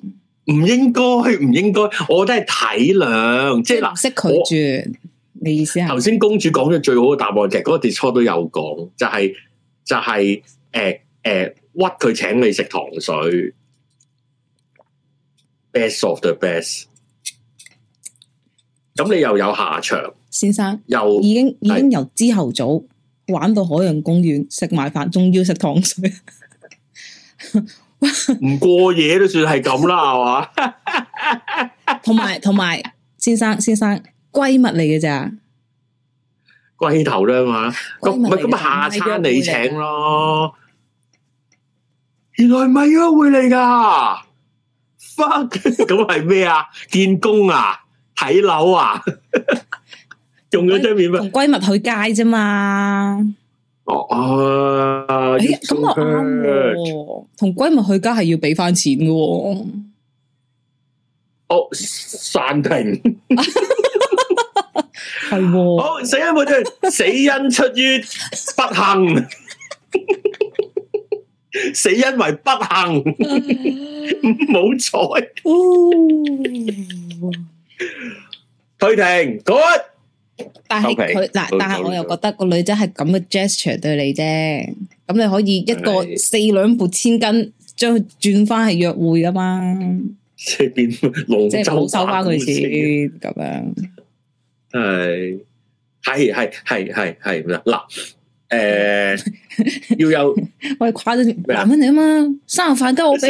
B: 唔應該，唔應該，我覺得係體諒，即係唔識拒絕。你意思係？頭先公主講咗最好嘅答案嘅，嗰、個 Discord 都有講，就係、是、就係誒誒。欸欸屈佢請你食糖水，best of the best。咁你又有下場，先生又
A: 已經已經由朝頭早玩到海洋公園食埋飯，仲要食糖水，
B: 唔 過夜都算係咁啦，係 嘛？
A: 同埋同埋，先生先生，閨蜜嚟嘅咋？
B: 閨頭啦嘛，唔係咁啊，下次你請咯。原來咪約會嚟噶，咁係咩啊？見工啊？睇樓啊？仲有張面咩？同
A: 閨蜜去街啫嘛、
B: 啊？哦，咁我啱喎。
A: 同、哎、閨、啊、蜜去街係要俾翻錢噶、
B: 啊。哦，暫停。係、 啊。好，死人冇聽，死因出於不幸。 死因為不幸，唔好彩。退庭，good！但係佢嗱，但係我又覺
A: 得個女仔係咁嘅 gesture 對你啫，咁你可以一個四兩撥千斤，將佢轉翻去約會噶嘛？
B: 即係變龍酒，即係收翻佢錢咁樣。係係係係係係嗱。誒、欸，要有
A: 我哋跨咗年男人嚟啊嘛，生日飯
B: 都我俾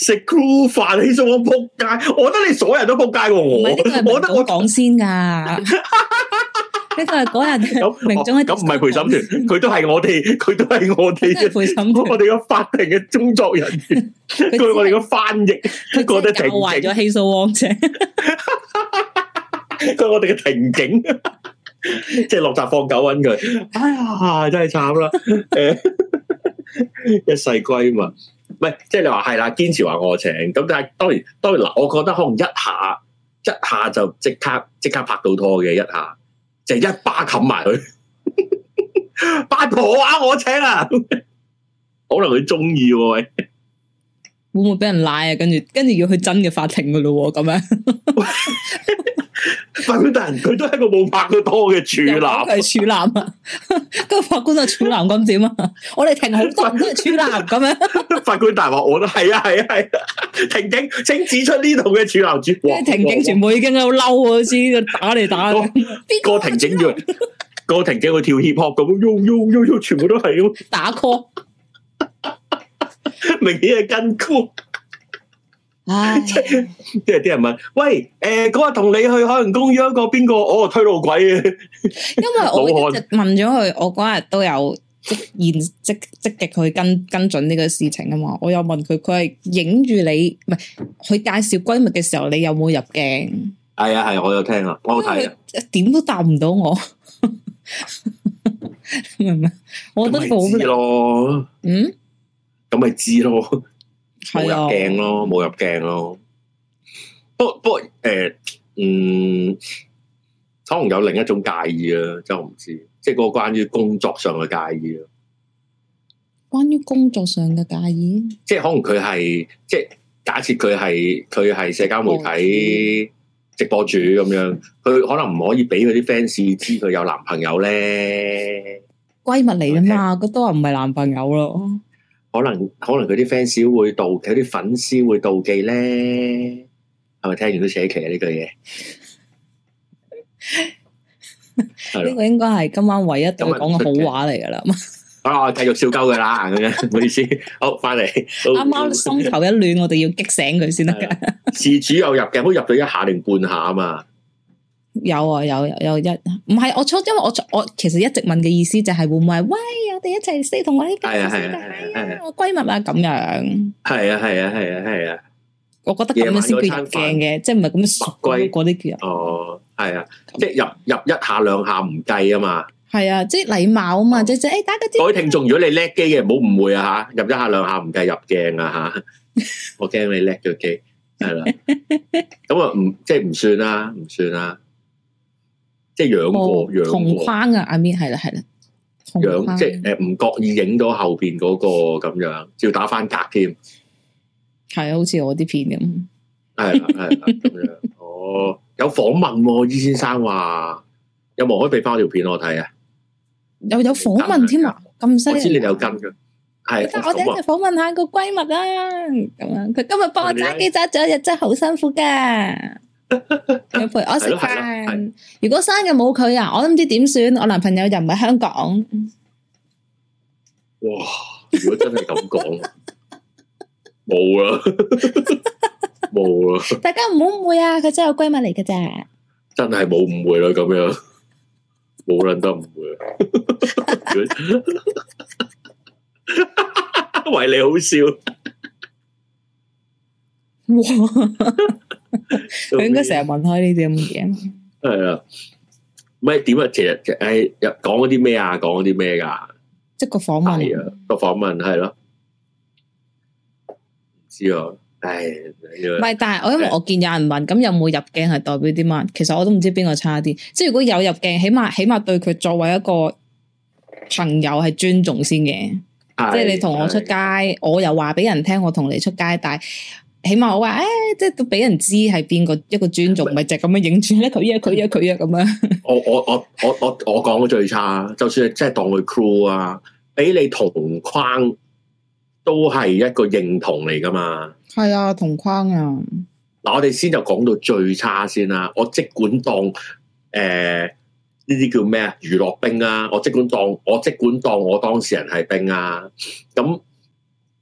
B: 食食粗飯，你仲講我扑街？我覺得你所有人都扑街過我。我覺得我講先㗎，你係講人明總咁，唔係陪審團，佢都係我哋，佢都係我哋嘅陪審，我哋嘅、 哦哦、 法庭嘅工作人員，佢 我哋嘅翻譯，佢覺得庭警，佢我哋嘅庭警。 即係落閘放狗搵佢，哎呀，真係慘啦！誒， 一世閨嘛。唔係，即係你話係啦，堅持話我請，咁但係當然，當然嗱，我覺得可能一下，一下就即刻即刻拍到拖嘅，一下就係、一巴冚埋佢， 八婆啊，我請啦、啊， 可能佢中意喎。喂
A: 會唔會俾人拉啊？跟住跟住要去真嘅法庭噶
B: 咯？咁樣法官大人佢都係個冇拍過拖嘅處男，係處男啊！個法官係處男咁點啊？我哋停好多都係處男咁樣。法官大人話，我都係啊，係啊、係、啊！庭、啊啊、警，請指出呢度嘅處男主。哇！庭警全部已經喺度嬲啊，打你打來。 個庭整完，個庭警佢跳 hip hop 咁，yo, yo, yo, yo, 全部都係、啊、 打 call。 明顯係跟 call 即係啲人問：喂，誒、呃，嗰日同你去海洋公園嗰邊個？哦，推老鬼啊！因為我
A: 問咗佢，我嗰日都有即現即積極去跟跟進呢個事情啊嘛。我又問佢：佢係影住你？唔係佢介紹閨蜜嘅時候，你有冇入鏡？
B: 係啊係、啊，我有聽啊，我睇啊，
A: 點都答唔到我。 我得冇好咯。
B: 嗯。咁咪知咯，冇入鏡咯，冇、啊、入鏡咯。不過不過，誒、欸，嗯，可能有另一種介意啦，真我唔知，即係嗰個關於工作上嘅介意咯。
A: 關於工作上嘅介意，即、就、係、
B: 是、可能佢係，即、就、係、是、假設佢係佢係社交媒體直播主咁樣，佢可能唔可以俾佢啲 fans 知佢有男朋友咧。
A: 閨蜜嚟㗎嘛，佢都話唔係男朋友咯。
B: 可能可能佢啲 fans 會妒佢啲粉絲會妒忌咧，係咪聽完都扯旗啊？呢句嘢，呢個
A: 應該係今晚唯一佢講嘅好話嚟噶啦。好
B: 啦，我繼續笑鳩佢啦，咁樣唔好意思，好翻嚟。阿貓心頭一
A: 亂，我哋要激醒佢先得
B: 噶。 事主又入鏡嘅，好入到一下定半下啊嘛。
A: 有啊有啊有，啊有一唔係我初，因為我我其實一直問嘅意思就係會唔會係喂，我哋一齊四同我啲介紹時
B: 間啊
A: 我閨蜜啊咁樣，係啊
B: 係啊係啊係啊
A: 我覺得咁樣先叫入鏡嘅，即係唔係咁熟
B: 嗰啲，哦係啊，啊即係入入一下兩下唔計啊，即禮貌嘛，
A: 係啊、嗯、即係禮、哎、貌啊嘛，姐姐，誒大家啲各位
B: 聽眾，如果你叻機嘅，唔好誤會啊吓，入一下兩下唔計入鏡啊吓、啊、 我驚你叻咗機，係啦咁啊唔 即係唔算啦唔算啦。即係養過，養過。同框
A: 啊 I mean 係啦，係啦。
B: 養即係誒，唔覺意影到後邊嗰個咁樣，照打翻格添。
A: 係啊，好似我啲片咁。係啦，係啦，咁
B: 樣。哦，有訪問，醫先生話有冇可以俾翻條片我睇啊？
A: 又有訪問添啊？咁犀利。我知你有
B: 跟㗎。係。我哋一齊
A: 訪問下個閨蜜啦，哦，咁樣啊。佢今日幫我揸機揸咗一日，真係好辛苦㗎啊。佢陪我食飯。如果生嘅冇佢啊，我都唔知點算。我男朋友又唔係香港。
B: 哇！如果真係咁講，冇啦，冇啦。大
A: 家唔好誤會啊，佢真係我閨蜜嚟嘅啫。
B: 真係冇誤會啦，咁樣冇人得誤會。為你好笑。
A: 哇！佢應該成日問開呢啲咁嘅嘢，係啊，
B: 唔係點啊？其實，誒，入講嗰啲咩啊？講嗰啲咩㗎？即
A: 係個訪問，
B: 個訪問係咯？唔知啊，誒，唔係，
A: 但係我因為我見有人問，咁有冇入鏡係代表啲乜？其實我都唔知邊個差啲。即係如果有入鏡，起碼起碼對佢作為一個朋友係尊重先嘅。
B: 即係你同我出
A: 街，我又話俾人聽，我同你出街，但係。起碼我話，誒、哎，即係都俾人知係邊個一個尊重，唔係淨係咁樣影住咧，佢約佢約佢約咁樣。
B: 我我我我我我講得最差，就算真係當佢 crew 啊，俾你同框都係一個認同嚟噶嘛。
A: 係啊，同框啊。
B: 嗱，我哋先就講到最差先啦。我即管當誒呢啲叫咩啊？娛樂兵啊！我即管當我即管當我當事人係兵啊！咁。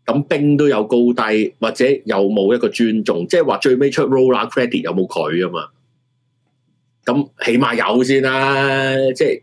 B: 咁兵都有高低，或者有冇一個尊重，即係話最尾出 Roller Credit 有冇佢啊嘛？咁起碼有先啦、啊，即係。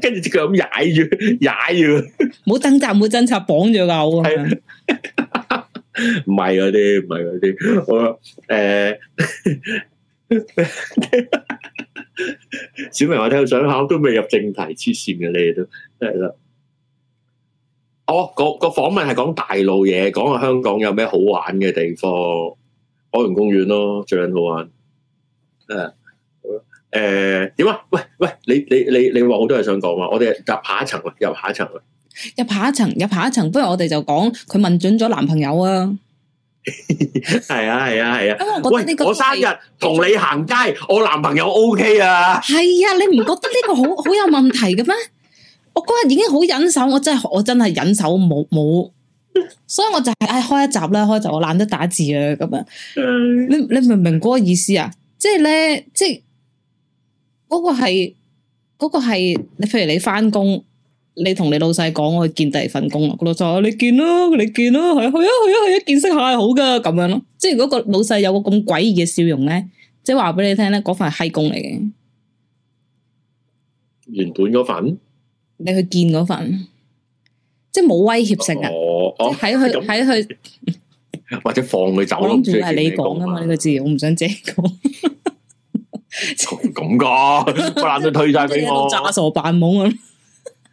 B: 跟住隻腳咁踩住，踩住，冇掙扎，冇掙扎，綁住咬啊！唔係嗰啲，唔係嗰啲，好啦，誒、 欸， 小明我聽到想考都未入正題，黐線嘅你都真係啦。哦，個個訪問係講大陸嘢，講下香港有咩好玩嘅地方，海洋公園咯，最緊好玩，誒。誒、呃，點啊？喂喂，你你你你話好多人想講啊。我哋入下一層啊，入下一層啊，
A: 入下一層，入下一層。不如我哋就講佢問准咗男朋友啊？
B: 係啊係啊係啊！咁、啊啊啊、我覺得，你覺得我生日同你行街，我男朋友 O、OK、K 啊？
A: 係啊，你唔覺得呢個好好有問題嘅咩？ 我嗰日已經好忍手，我真係我真係忍手冇冇，所以我就係、是哎、開一集啦，開一集我懶得打字啊，咁樣。 你你明唔明嗰個意思啊？即係咧，即係。嗰、那個係，那個係，你譬如你翻工，你同你老細講，我去見第二份工啦，老細，你見啦，你見啦，係去啊，去啊，去啊，啊，啊，啊，見識下係好噶，咁樣咯。即係如果個老細有個咁詭異嘅笑容咧，即係話俾你聽咧，嗰份係閪工嚟嘅。
B: 原本嗰份，
A: 你去見嗰份，即係冇威脅性啊。哦，喺佢，喺、哦、佢、哦，
B: 或者放佢走。我諗住係你講
A: 啊嘛，呢、這個字我唔想借講。哦
B: 咁 噶，個男都退晒俾我，詐傻扮懵咁。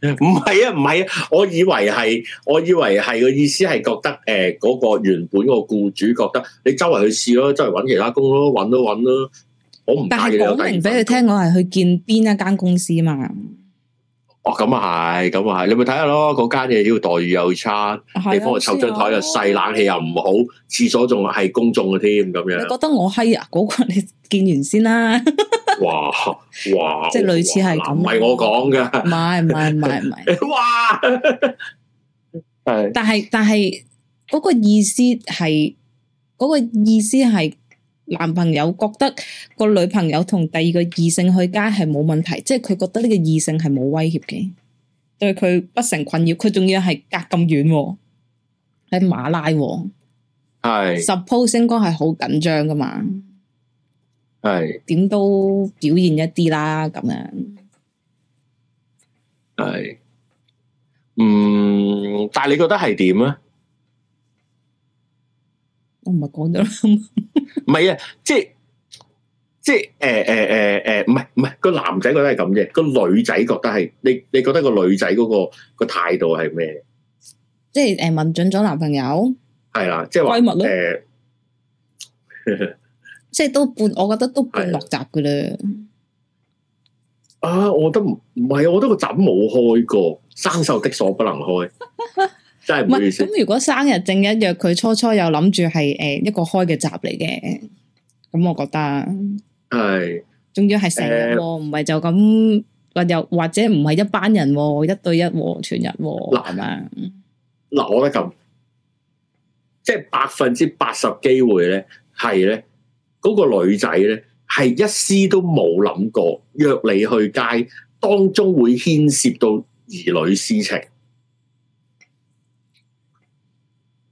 B: 唔係啊，唔係啊，我以為係，我以為係個意思係覺得，誒，嗰個原本個僱主覺得，你周圍去試咯，周圍搵其他工咯，搵都搵咯，我唔帶佢，但係講明
A: 俾佢聽，我係去見邊一間公司嘛。
B: 哦，咁啊係，咁啊係，你咪睇下咯，嗰間嘢要待遇又差，地方又湊張台又細，冷氣又唔好，廁所仲係公眾嘅添，咁樣。你覺
A: 得我係啊，嗰個你見完先啦。
B: 哇哇，即係類
A: 似係咁，唔係我講嘅。唔係唔係唔
B: 係唔係。哇！ 但
A: 係但係，嗰個意思係，嗰個意思係。男朋友覺得個女朋友同第二個異性去街係冇問題，即係佢覺得呢個異性係冇威脅嘅，對佢不成困擾。佢仲要係隔咁遠喎，喺馬拉喎，係 suppose 星光係好緊張噶嘛？
B: 係
A: 點都表現一啲啦，咁樣係，嗯，
B: 但係你覺得係點咧？我唔係講咗
A: 啦，
B: 唔 係啊，即係即係誒誒誒誒，唔係唔係個男仔覺得係咁嘅，個女仔覺得係你你覺得女、嗰個女仔嗰個個態度係咩？
A: 即係誒，問、呃、准咗男朋友
B: 係啦、啊，即係閨蜜咧，呃、 即
A: 係都半，我覺得都半落閘噶啦。
B: 啊，我都唔唔係啊，我覺得，我覺得個閘冇開過，生鏽的鎖不能開。 唔係咁，
A: 如果生日正一約佢初初又諗住係誒一個開嘅閘嚟嘅，咁我覺得
B: 係，
A: 仲要係成日，唔、呃、係就咁或又或者唔係一班人，啊，一對一、啊、全日難
B: 啊！嗱，我覺得即係百分之八十機會咧，係咧嗰個女仔咧係一絲都冇諗過約你去街當中會牽涉到兒女私情。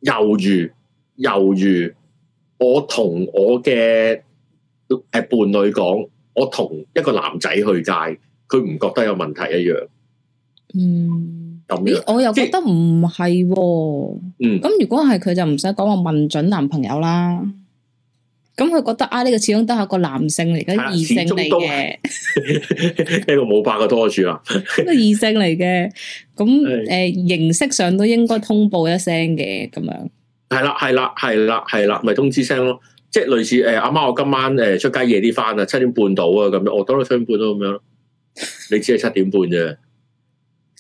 B: 猶豫，猶豫。我同我嘅誒伴侶講，我同一個男仔去街，佢唔覺得有問題一樣。嗯，咁樣咦我
A: 又覺得唔係喎。嗯，咁如果係佢就唔使講我問準男朋友啦。咁佢覺得啊呢、這個始終都係個男性嚟嘅，異性
B: 嚟嘅呢個冇拍過拖住啊，呢
A: 個異性嚟嘅，咁誒、呃、形式上都應該通報一聲嘅咁樣。
B: 係啦係啦係啦係啦，咪通知聲咯，即係類似誒阿媽，我今晚誒出街夜啲翻啊七點半到啊咁樣，我到咗七點半咯咁樣。 你只係七點半啫，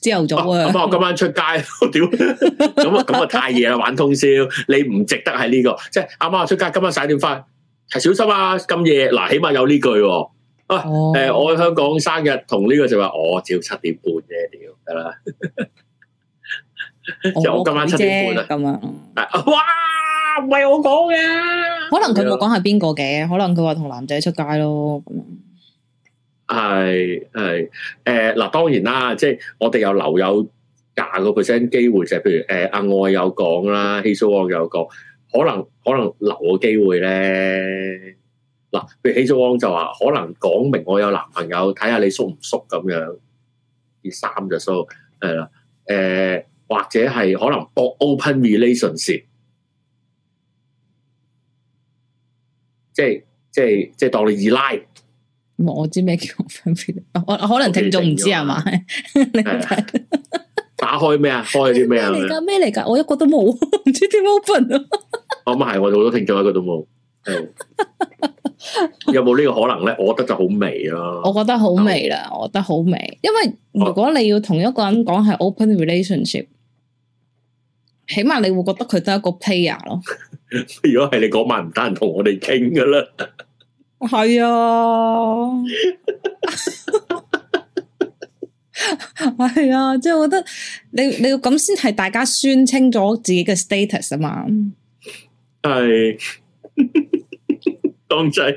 B: 朝頭早啊！阿、啊、我今晚出街，屌咁啊咁啊太夜啦玩通宵， 你唔值得喺呢、這個，即係阿媽我出街今晚三點翻。係小心啊！咁夜嗱，起碼有呢句。喂、哎，誒、oh. 欸，我喺香港生日同呢個就話我照七點半啫、 oh, 了，得、oh, 啦。就我今晚七點半啦。今晚，哇，唔係我講嘅。
A: 可能佢冇講係邊個嘅，可能佢話同男仔出街咯。咁啊，
B: 係係誒，嗱、呃，當然啦，即係我哋又留有廿個 percent 機會，就係譬如誒、呃，阿外有講啦，Hee So Wong 有講。可能可能留個機會咧，嗱，譬如希祖就話，可能講明我有男朋友，睇下你熟唔熟咁樣，二三就熟、呃呃，或者係可能博 open relationship，即係即係即係當你二奶。
A: 我知咩叫分別，我可能聽眾唔知係嘛。
B: 你看呃 打開咩啊？開啲咩啊？咩嚟噶？
A: 咩嚟噶？我一個都冇，唔知點 open
B: 啊、 哦！我咪係，我好多聽眾一個都冇。 有冇呢個可能咧？我覺得就好微咯。
A: 我覺得好微啦、哦，我覺得好微，因為如果你要同一個人講係 open relationship，、哦、起碼你會覺得佢都係一個
B: player 咯。 如果係你嗰晚唔得人同我哋傾噶啦，
A: 係 是啊。 係 啊、哎、即、就、係、是、我覺得你你要咁先係大家宣清咗自己嘅 status 啊嘛。
B: 係，江仔，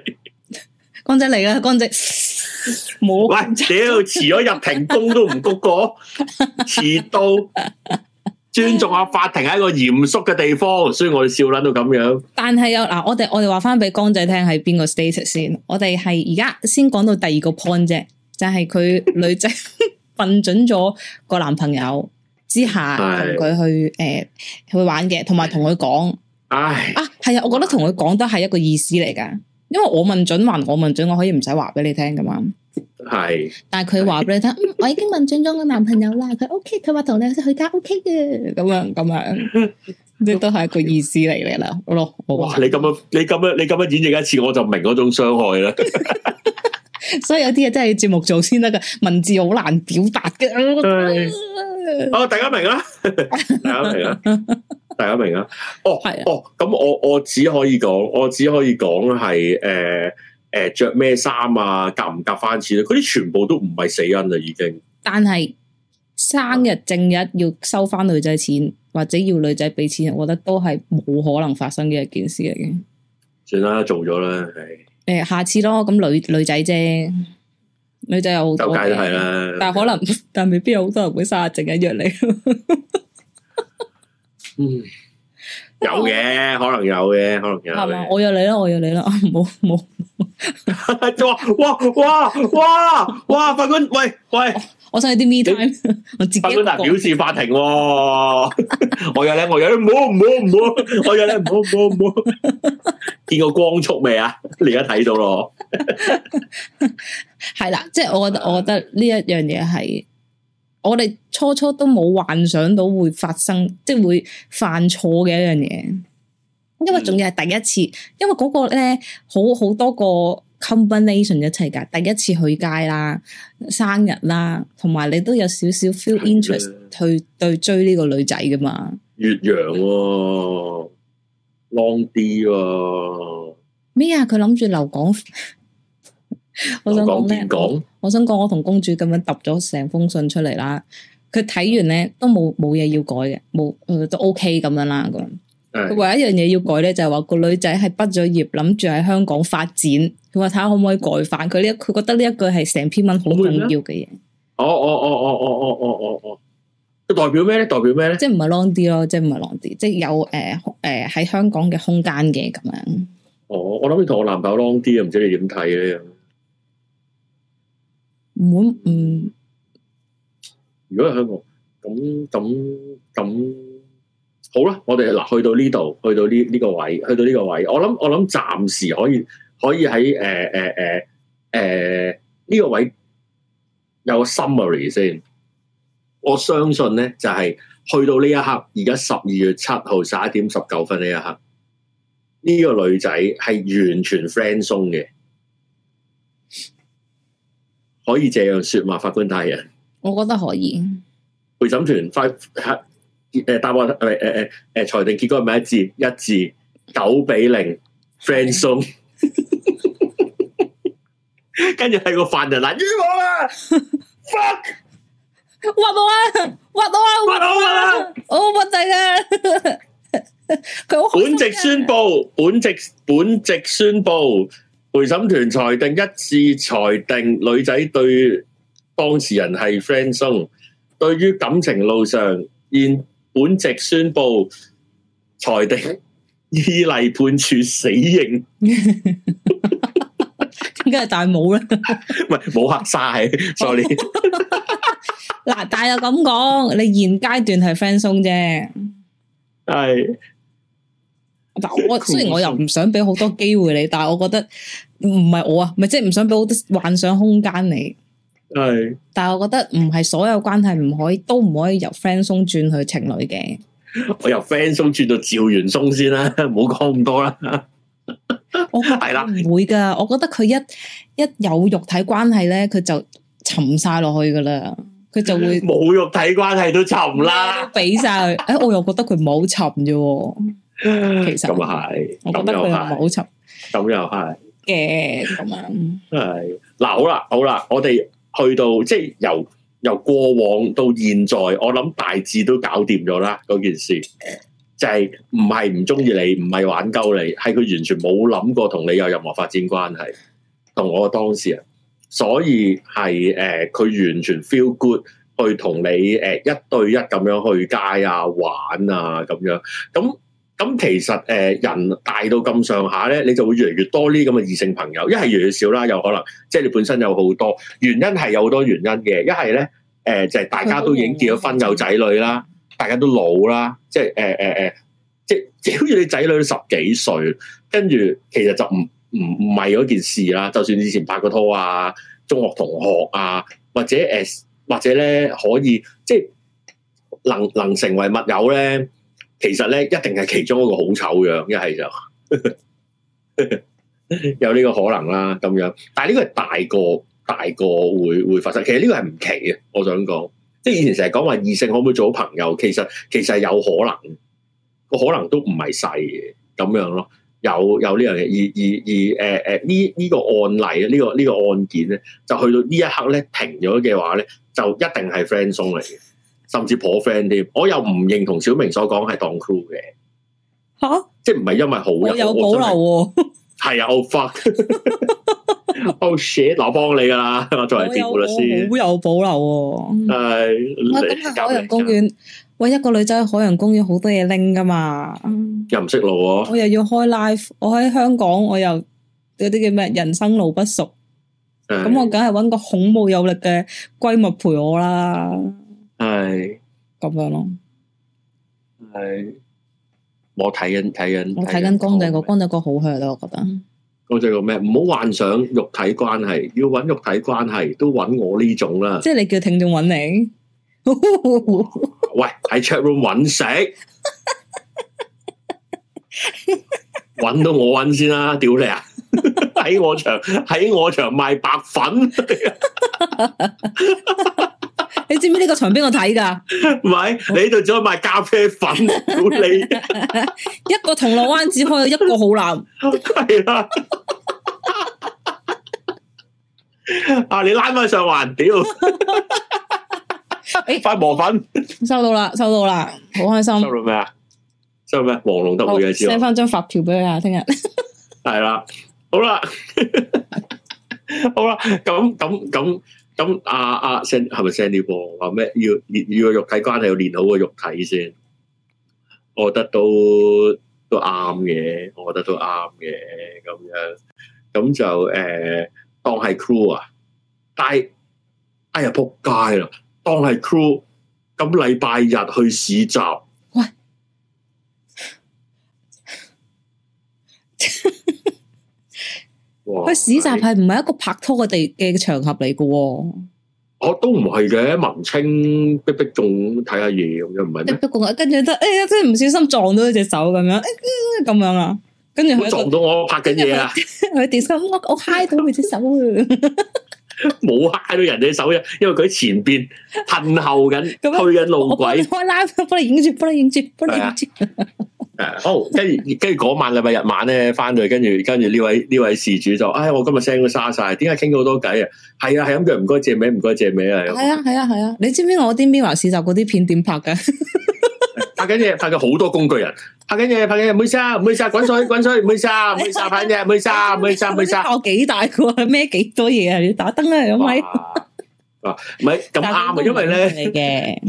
A: 江 仔嚟啦，江仔，
B: 冇 喂，屌，遲咗入庭工 都唔谷過，遲到，尊重下法庭係一個嚴肅嘅地方，所以我哋笑捻到咁樣。
A: 但係又嗱，我哋我哋話翻俾江仔聽係邊個 status 先？我哋係而家先講到第二個 point 啫，就係、是、佢女仔。 問準咗個男朋友之下跟他，同佢去誒去玩嘅，同埋同佢講，啊係啊，我覺得同佢講都係一個意思嚟噶因為我問準還我問準，我可以唔使話俾你聽噶嘛
B: 係，
A: 但係佢話俾你聽、嗯，我已經問準咗個男朋友啦，佢 O K，佢話同你去家 O K 嘅，咁樣咁樣，即係都係一個意思嚟嘅啦，
B: 好咯， 哇，你咁樣你咁樣你咁樣演繹一次，我就明嗰種傷害啦。
A: 所以有啲嘢真係要節目做先得噶，文字好難表達嘅、
B: 啊。哦，大家明啦， 大家明啦，大家明啦。哦，係哦。咁我我只可以講，我只可以講係誒誒着咩衫啊，夾唔夾翻錢、啊？嗰啲全部都唔係死因啦，已經但
A: 係。但係生日正日要收翻女仔錢，或者要女仔俾錢，我覺得都係冇可能發生嘅一件事嚟嘅。算
B: 啦，做咗啦，做咗啦，係。
A: 誒，下次咯，咁女女仔啫，女仔有好多
B: 嘅，但
A: 可能但未必有好多人會生日正日約你。嗯，
B: 有嘅，可能有嘅，可能有。係嘛，
A: 我約你啦，我約你啦，唔好唔好。就話哇哇哇哇，法官喂喂。我想有啲 me time，我法官啊，表示法庭，哦 我有
B: 咧，我有咧， 我有咧，唔好唔好唔好，我有咧，唔好唔好唔好， 見過光速未啊？ 你而家睇到咯
A: 係啦，即係我覺得，我覺得呢一樣嘢係，我哋初初都冇幻想到會發生，即係會犯錯嘅一樣嘢，因為仲要係第一次，嗯、因為嗰個咧，好好多個。Combination 一齊噶，第一次去街啦，生日啦，同埋你都有少少 feel interest 去對追呢個女仔噶嘛？
B: 越洋喎，long 啲喎。
A: 咩啊？佢諗住留港。我想講咩？我想講，我同公主咁樣揼咗成封信出嚟啦。佢睇完咧，都冇冇嘢要改嘅，冇都 OK 咁樣啦咁。那個佢唯一一樣嘢要改咧，就係、是、話個女仔係畢咗業，諗住喺香港發展。佢話睇下可唔可以改翻佢呢？佢覺得呢一句係成篇文好重要嘅
B: 嘢，嗯。哦哦哦哦哦哦哦哦哦，佢代表咩咧？代表咩咧？即係
A: 唔係 long 啲咯，即係唔係 long 啲，即係有誒誒喺香港嘅空間嘅咁樣。
B: 哦，我諗同我男朋友 long 啲啊，唔知你點睇咧？
A: 唔會唔？
B: 如果喺香港咁咁咁。好啦，我哋嗱去到呢度，去到呢呢、這個位，去到呢個位，我諗我諗暫時可以可以喺誒誒誒誒呢個位有個 summary 先。我相信咧，就係、是、去到呢一刻，而家十二月七號十一點十九分呢一刻，呢、這個女仔係完全 friend 鬆嘅，可以借用說話，法官大人，
A: 我覺得可以。
B: 陪審團快誒，答案誒誒誒誒，裁、欸欸、定結果係咪一致？一致九比零，friend 松，跟住係個犯人難
A: 冤枉啦，fuck，屈我啊，屈到啊，屈到啦，我屈地啊，
B: 佢、啊、本席宣布，本席本席宣布陪審團裁定一致裁定，女仔對當事人係 friend 松，對於感情路上現。本席宣布裁定，依例判處死刑。咁梗係大帽啦，唔係冇客晒，sorry。
A: 嗱， 但又咁講，你現階段係 friend 松啫。
B: 係 嗱，我雖然我又唔想
A: 俾好多機會你， 但係我覺得唔係我啊，咪即係唔想俾好多幻想空間你。係，但係我覺得唔係所有關係唔可以都唔可以由 friend 松轉去情侶嘅。
B: 我由 friend 松轉到趙元松先啦，啊，唔好講咁多啦。我係啦，唔
A: 會噶。我覺得佢一一有肉體關係咧，佢就沉晒落去噶啦。佢就會
B: 冇肉體關係都沉啦，俾
A: 晒佢。誒，我又覺得佢唔好沉啫。其實咁係，我覺得佢唔
B: 好沉。咁又係
A: 嘅，咁
B: 樣，係嗱，好啦，好啦，我哋。去到即係由由過往到現在，我諗大致都搞掂咗啦，嗰件事，就係唔係唔中意你，唔係玩鳩你，係佢完全冇諗過同你有任何發展關係，同我當事人，所以係誒佢完全 feel good 去同你誒、呃、一對一咁樣去街啊玩啊咁樣，咁。咁其實誒人大到咁上下咧，你就會越嚟越多啲咁嘅異性朋友。一係越嚟越少啦，有可能即係你本身有好多原因係有好多原因嘅。一係咧誒就係大家都已經結咗婚有仔女啦，大家都老啦，即係誒誒誒，即係好似你仔女都十幾歲，跟住其實就唔唔唔係嗰件事啦。就算以前拍過拖啊，中學同學啊，或者誒、呃、或者咧可以即係能能成為密友咧。其實咧，一定係其中一個好醜樣，一係就 有呢個可能啦，咁樣。但係呢個係大個大個會會發生，其實呢個係唔奇嘅。我想講，即係以前成日講話異性可唔可以做好朋友，其實其實係有可能，個可能都唔係細嘅咁樣咯。有有呢樣嘢，而而而誒誒呢呢個案例呢、這個呢、這個案件咧，就去到呢一刻咧停咗嘅話咧，就一定係 friend zone 嚟嘅。甚至破 friend 添，我又唔認同小明所講係當 crew 嘅，吓、啊，即係唔係因為好我有保留、啊我，係 啊 fuck, ，Oh fuck，Oh shit，我幫你噶啦，我作為辯護律師，好有保留、啊。誒、哎，我、哎哎哎哎哎、去海洋公園，
A: 喂，一個女仔去海洋公園好多嘢拎噶嘛，嗯、
B: 又唔識路、啊，我
A: 又要開 live，我喺香港，我又有啲叫咩人生路不熟，
B: 咁、哎、
A: 我梗係揾個孔武有力嘅閨蜜陪我啦。係咁樣咯，
B: 係我睇緊睇緊，我睇緊光
A: 仔個光仔哥好香咯，我覺得
B: 光仔哥咩？唔、嗯、好幻想肉體關係，要搵肉體關係都搵我呢種啦。即係
A: 你叫聽眾搵你，
B: 喂喺 chat room 搵食，搵 到我搵先啦、啊，屌你啊！喺 我場喺我場賣白粉。
A: 你知唔知呢個場俾我睇噶？
B: 唔係，你呢度只可賣咖啡粉。你
A: 一個銅鑼灣只可以一個好男，
B: 係 啦對了。 啊，你拉埋上環屌！哎 快磨粉，收
A: 到啦，收到啦，好開心。收到
B: 咩啊？收到咩？黃龍德嘅嘢，寫
A: 翻張發票俾佢啊！聽日
B: 係啦，好啦， 好啦，咁咁咁。咁阿阿 send 係咪 send 啲波？話、啊、咩要要個肉體關係要練好個肉體先，我覺得都都啱嘅，我覺得都啱嘅咁樣，咁就誒、呃、當係 crew 啊，但係哎呀仆街啦，當係 crew，咁禮拜日去市集。佢市集係
A: 唔係一個拍拖嘅地嘅場合嚟嘅、哦？
B: 我都唔係嘅，文青逼逼仲睇下嘢，又唔係逼
A: 逼跟住得誒，即係唔小心撞到一隻手咁、哎、樣，咁樣啊，跟住佢撞
B: 到我拍緊嘢啊，
A: 佢跌親我，我 high 到佢隻手。
B: 冇 吓到人哋手啊，因為佢前邊噴後緊，去緊路軌、 啊。我
A: 開拉，幫你影住，幫你影住，幫你影住。
B: 好、 哦，跟住跟住嗰晚禮拜日晚咧，翻到去，跟住跟住呢位呢位事主就說，唉、哎，我今日聲都沙晒，點解傾咗好多偈啊？係啊，係咁佢唔該借名，唔該借名啊。係啊，係
A: 啊，係啊，啊，你知唔知我啲《邊華市集》嗰啲片點拍嘅？
B: 拍緊嘢，拍緊好多工具人，拍緊嘢，拍緊嘢，唔好意思啊，唔好意思啊，滾水，滾水，唔好意思啊，唔好意思啊，拍緊嘢，唔好意思啊，唔好意思啊，唔好意思啊。靠幾大噶，孭幾多嘢又要打燈啊，咁咪啊，咪咁啱啊，因為咧，喂，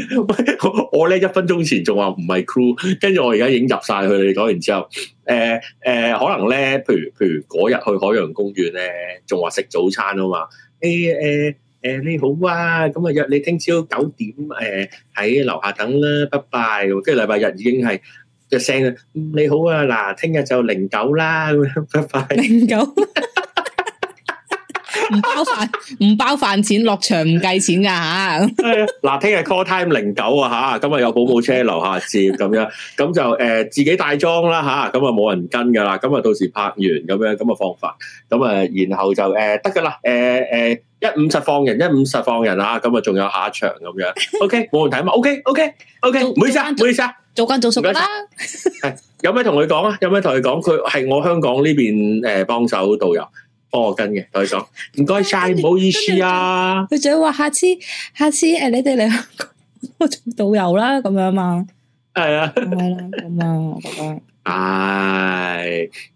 B: 我我咧一分鐘前仲話唔係 crew，跟住我而家已經入晒去你講完之後，誒誒，可能咧，譬如譬如嗰日去海洋公園咧，仲話食早餐啊嘛，誒誒。誒、欸，你好啊，咁啊約你聽朝九點誒喺樓下等啦，拜拜。跟住禮拜日已經係一聲啦，你好啊，嗱，聽日就零九啦，咁樣拜拜。零九，
A: 唔包飯，唔包飯錢，落場唔計錢噶吓。
B: 啊，嗱、欸，聽日 call time 零九啊吓，今日有保姆車樓下接，咁樣咁就誒自己帶裝啦吓，咁啊冇人跟噶啦，咁啊到時拍完咁樣咁啊放飯，咁啊然後就誒得噶啦，誒、欸、誒。一五十放人，一五十放人啊！咁啊，仲有下一場咁樣。OK，冇問題啊嘛。OK，OK，OK，okay, okay, okay, 唔好意思啊，唔好意思啊，做慣做，做，做熟啦。有咩同佢講啊？有咩同佢講？佢係我香港呢邊誒，幫手導遊幫我跟嘅。同佢講，唔該晒，唔好意思啊。
A: 佢仲要話下次，下次誒，你哋嚟香港做導遊啦，咁樣嘛。係啊，係
B: 啦，咁 啊，我覺得、哎。唉。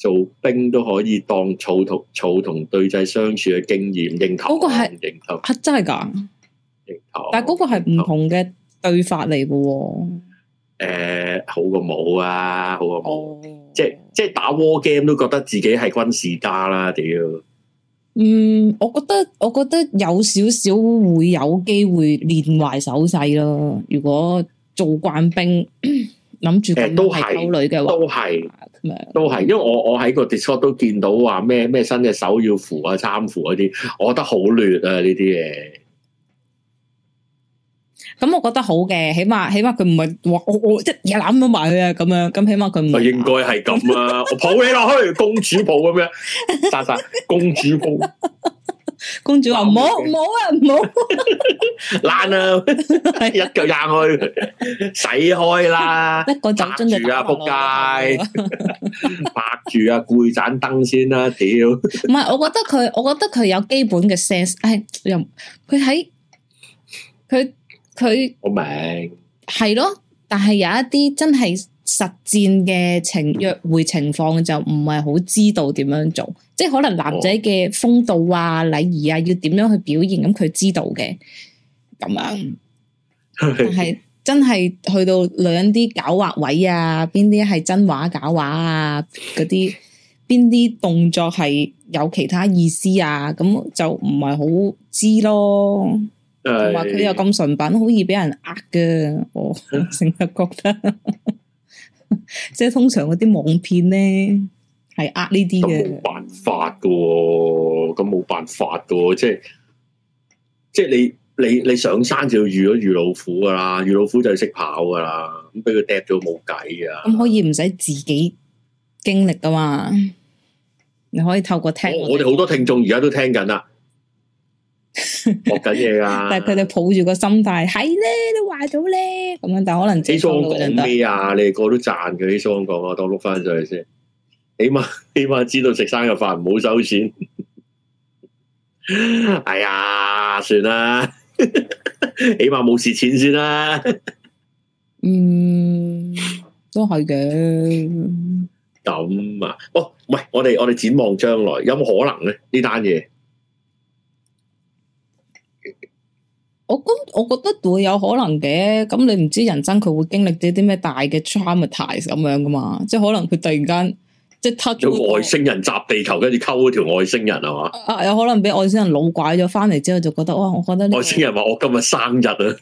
B: 做兵都可以當草同草同對峙相處嘅經驗，認同，認同。係、那個、真係噶。認
A: 同，但係嗰個係唔同嘅對法嚟嘅。誒、
B: 欸，好過冇啊，好過冇、哦。即係即係打 war game 都覺得自己係軍事家啦。屌，嗯，
A: 我覺得我覺得有少少會有機會練壞手勢咯。如果做慣兵，諗住咁都係溝女
B: 嘅，都係。都都係，因為我我喺個 Discord 都見到話咩咩伸隻手要扶啊，攙扶嗰啲，我覺得好亂啊呢啲嘢。
A: 咁我覺得好嘅，起碼起碼佢唔係話我我一嘢攬到埋去啊，咁樣咁起碼佢唔係應
B: 該係咁啊！我抱起落去 公殺殺，公主抱咁樣，莎莎公主抱。公主話唔好唔好啊唔好，爛啊，一腳踹開，使開啦，一個酒樽就跌咗，扑街，白住啊，攰盞燈先啦，屌，
A: 唔係，我覺得佢，我覺得佢有基本嘅 sense，係又佢喺佢佢，
B: 我明
A: 係咯，但係有一啲真係。實戰嘅情約會情況就唔係好知道點樣做，即係可能男仔嘅風度啊、禮、oh. 儀啊，要點樣去表現，咁佢知道嘅，咁樣係、啊 okay. 但真係去到女人啲狡猾位啊，邊啲係真話假話啊，嗰啲邊啲動作係有其他意思啊，咁就唔係好知咯。
B: 同埋佢又咁
A: 純品，好易俾人呃嘅，我成日覺得。 即 係通常嗰啲網騙咧，係呃呢啲嘅。咁冇
B: 辦法噶，咁冇辦法噶，即係即係你你你上山就要遇咗遇老虎噶啦，遇老虎就要識跑噶啦，咁俾佢跌咗冇計噶。
A: 咁可以唔使自己經歷噶嘛、嗯？你可以透過聽我聽，我哋好
B: 多聽眾而家都聽緊啦。學緊嘢噶， 但係佢
A: 哋抱住個心態係咧，都壞咗咧
B: 咁樣。但係可能啲想講咩啊？你哋個都賺佢，啲雙講我當碌翻上去先，起碼起碼知道食生日飯唔好收錢。 哎呀，算啦，起碼冇蝕錢先啦。 嗯，
A: 都係嘅。
B: 咁啊，哦，喂，我哋我哋展望將來有冇可能咧呢單嘢？
A: 我咁，我覺得會有可能嘅。咁你唔知人生佢會經歷啲啲咩大嘅 traumatize 咁樣噶嘛？即係可能佢突然間即係
B: 突外星人砸地球，跟住溝嗰條外星人係嘛？
A: 啊，有可能俾外星人老拐咗翻嚟之後，就覺得哇！我覺得、這個、外
B: 星人話我今日生日啊！